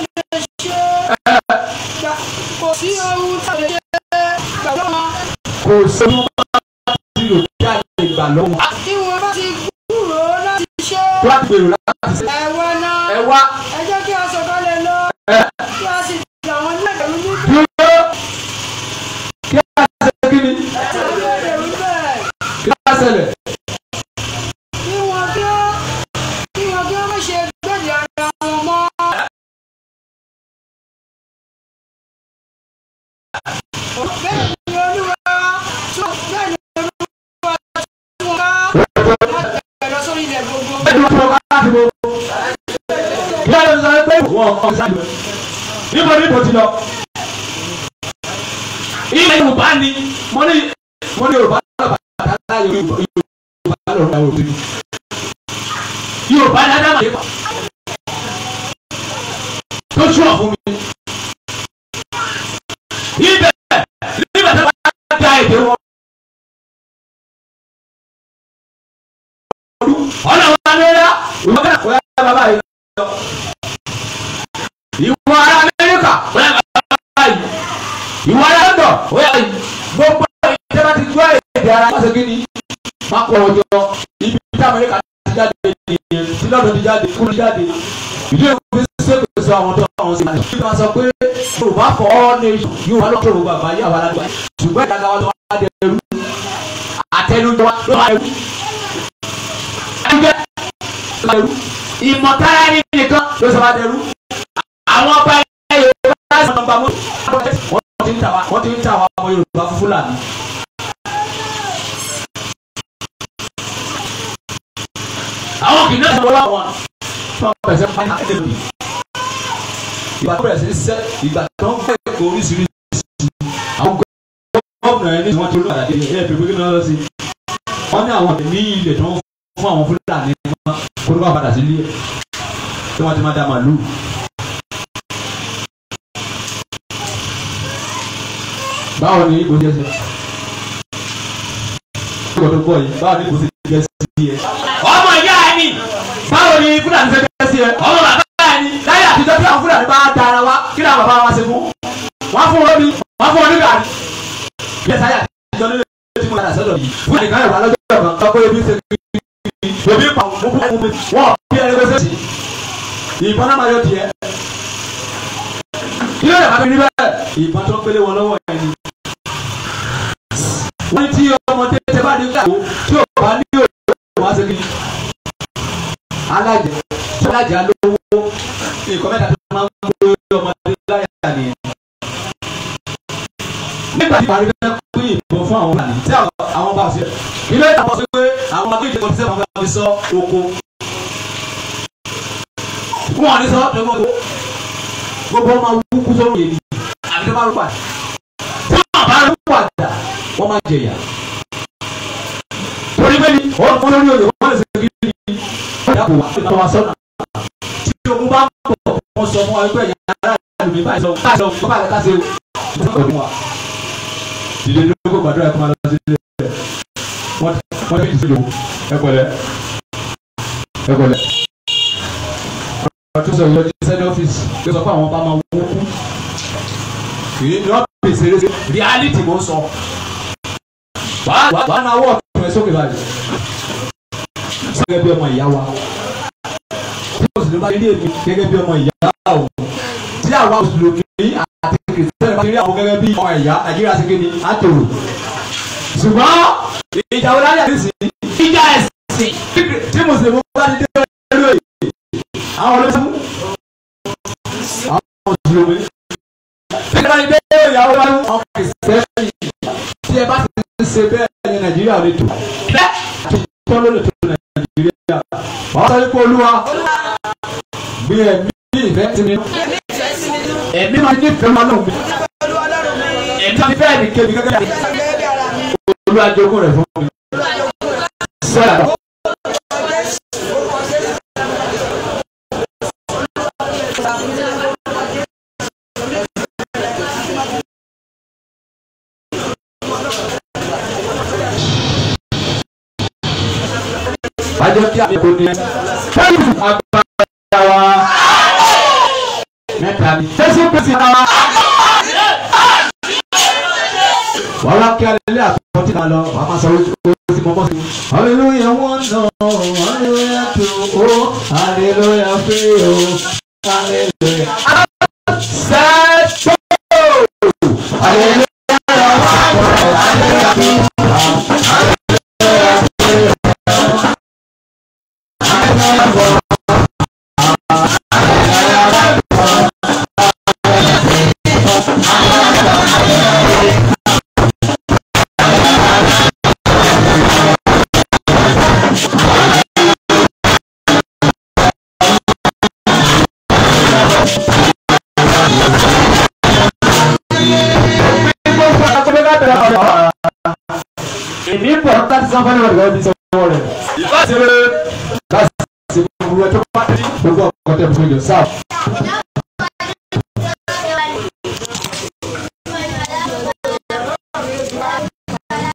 lè ṣe kò sí ohun tó lè ṣe pẹ̀lú wọn. kò sí ohun tó lè ṣe pẹ̀lú wọn. àti wọn bá ti gbúrò láti ṣe. wọ́n á ti gbèrò láti ṣe. ẹ̀wọ̀n náà ẹ̀wá. ẹ jẹ́ kí a sọ̀kalẹ̀ lọ. ẹ̀dùn fún láti bo yàrá ìlú dáadáa mà yẹ pa tó sùn ọ̀fun mi. ṣùgbọ́n kí àkọ́yà bàbá yìí lọ. ìwọ ará amẹ́ríkà ọ̀yà bàbá yìí ìwọ ará lọ́dọ̀ ọ̀yà yìí gbogbo ìjọba bá ti gbọ́ èdè ara wọn ṣe kí ni má kọ ọjọ́ ibi tí amẹ́ríkà ti jáde nìyẹn tí lọ́dọ̀ ti jáde kúrò jáde ìdí òfin ṣèkè sọ àwọn tó àwọn sí àti ìgbà sọ pé Yorùbá fọ ọ́ nation Yorùbá lọ́kọ̀ gbogbo àgbáyé àwọn alágbáyé ṣùgbọ́n ìdàgbà wọn tó wá dẹrú àtẹnudọ́ wọn tó wá dẹrú sọ ẹrú ìmọ̀tara ní nìkan ló sọ wá dẹrú àwọn ọba yorùbá sì máa ń gba mọ́tò wọ́n ti ń tà wá wọ́n ti ń tà wá ọmọ yorùbá fún fúlàní. àwọn kì í náà sọ̀rọ̀ láwọn fún ọ̀pẹ̀sẹ̀ fún ẹ̀ka ẹ̀dẹ̀ lórí ìgbà tó bẹ̀rẹ̀ sí sẹ́ ìgbà tó ń fẹ́ kó oríṣiríṣi àwọn gómìnà ẹni tí wọ́n ti olóògbé àdàdé ẹ̀ pẹ̀lú kí wọ́n lọ sí wọ́n ní àwọn ẹ̀mí ilẹ̀ tó ń fún àwọn fúlàní mọ́ kó ló bá padà sí ilé ẹ̀ tí wọ́n ti máa da màálù. báwo ni ìbò jẹ́ sọ? ìbò tó kọ́ yìí báwo ni ìbò ti jẹ́ sí ẹ? ọmọ ìyá ẹ ni báwo ni fúlàní fẹ́ jẹ́ sí ẹ? ọmọ bàbá ẹ ni láyé àtijọ́ tí àwọn fúlàní bá da ara wa kí ni àwọn bàbá wa ṣe fún? wọ́n fún wọn wọ́n fún wọn ni. kí sáyà àtijọ́ lórí tí mo padà sọ́dọ̀ yìí fúlàní kan ẹ̀rọ alọ́jọ́ obi pa ofu omi wọ́n bí ẹni bẹ́sẹ̀ sí ìbọn náà máa yọ tiẹ̀ ilé ìyàwó mi níbẹ̀ ìbọn tó ń pélé wọn lọ́wọ́ yẹn ni. wọ́n ti ọmọ tẹ́tẹ́ bá ní ìyàwó tí ò bá ní òòlù wá sí kí alájà tí alájà lówó nǹkan mẹ́ta tó máa ń gbé ọmọdé láyà nìyẹn. nígbà tí parí bẹ́ẹ̀ pín ìbọn fún àwọn ọmọ àná tí àwọn bá ṣe ilé ìtàkùn ọmọ tó ìjọba ṣe máa fi sọ oko wọn àti sọ ọdún gbogbo gbogbo ọmọ wúkú sórí èdè àti tó bá rúpa táwọn bá rúpa dà wọn máa jẹyà torí bẹ́ẹ̀ni wọn fún lórí òye wọn lè ṣe kí ni ìyàpò wà ní ìpamọ́ sọ́nà tí ogun bá pọ̀ wọn sọ fún wa wípé ẹ̀yà ara ìlú báyìí sọ káàsì ọ̀hún kọ́ bá wọn bí ìṣòro ẹ pẹ̀lẹ́ ẹ pẹ̀lẹ́ àtúnṣe ìlọ jí sẹ́ni ọ́fíìsì ló sọ fún àwọn bá máa wọ́n kú èyí ni wọ́n pèsè rẹ́sẹ̀ reality mò ń sọ wàá wàá náà wọ́ọ̀ tó ẹ sókè báyìí gẹ́gẹ́ bí ọmọ ìyá wa tí mùsùlùmí bá rí èmi gẹ́gẹ́ bí ọmọ ìyá o tí àwa mùsùlùmí àti kìrìsìtẹ́nì bá rí àwọn gẹ́gẹ́ bí ọmọ ìyá Nàìjíríà ti gbé ni àtòrò ṣùgbọ́n ìjà wọlé alẹ́ àdìsí ìjà ẹ̀sìn tí mùsùlùmí bá ti dé lórí èyí àwọn olóṣèlú mú àwọn mùsùlùmí. bí wọ́n gbé ìyàwó wọn ọmọ ìsẹ́yìn tí ẹ bá ti ń ṣe bẹ́ẹ̀ ní nàìjíríà lè tó bẹ́ẹ̀ àti ìtọ́ ló lè tó nàìjíríà wọ́n sọ wípé olúwa gbé ẹ̀mí ìfẹ́ sí mi ẹ̀mí máa ní ìfẹ́ máa lóun mi ẹ̀mí máa ní fẹ́ẹ̀ ní kébi gẹ́gẹ́ bí olùwàjogún rẹ̀ fún mi. sábà. kí àbẹ̀kọ ní kẹ́lí agbára wa mẹ́ta ni tẹ́sí pèsè ara wa. wọ́n kí alẹ́ ilé àtúntò lọ wọ́n sọ orí tí mo mọ́ sí. hallelujah wọ́n nà hallelujah tó o hallelujah fẹ́ o hallelujah. sẹ́ẹ̀tò hallelujah. sanfani wà lọ́wọ́ bí sọ́wọ́ rẹ̀. ìfàsíwèé láti ṣe gbogbo ẹjọ́ pátí gbogbo ọkọ̀ fún ìjọ sáà.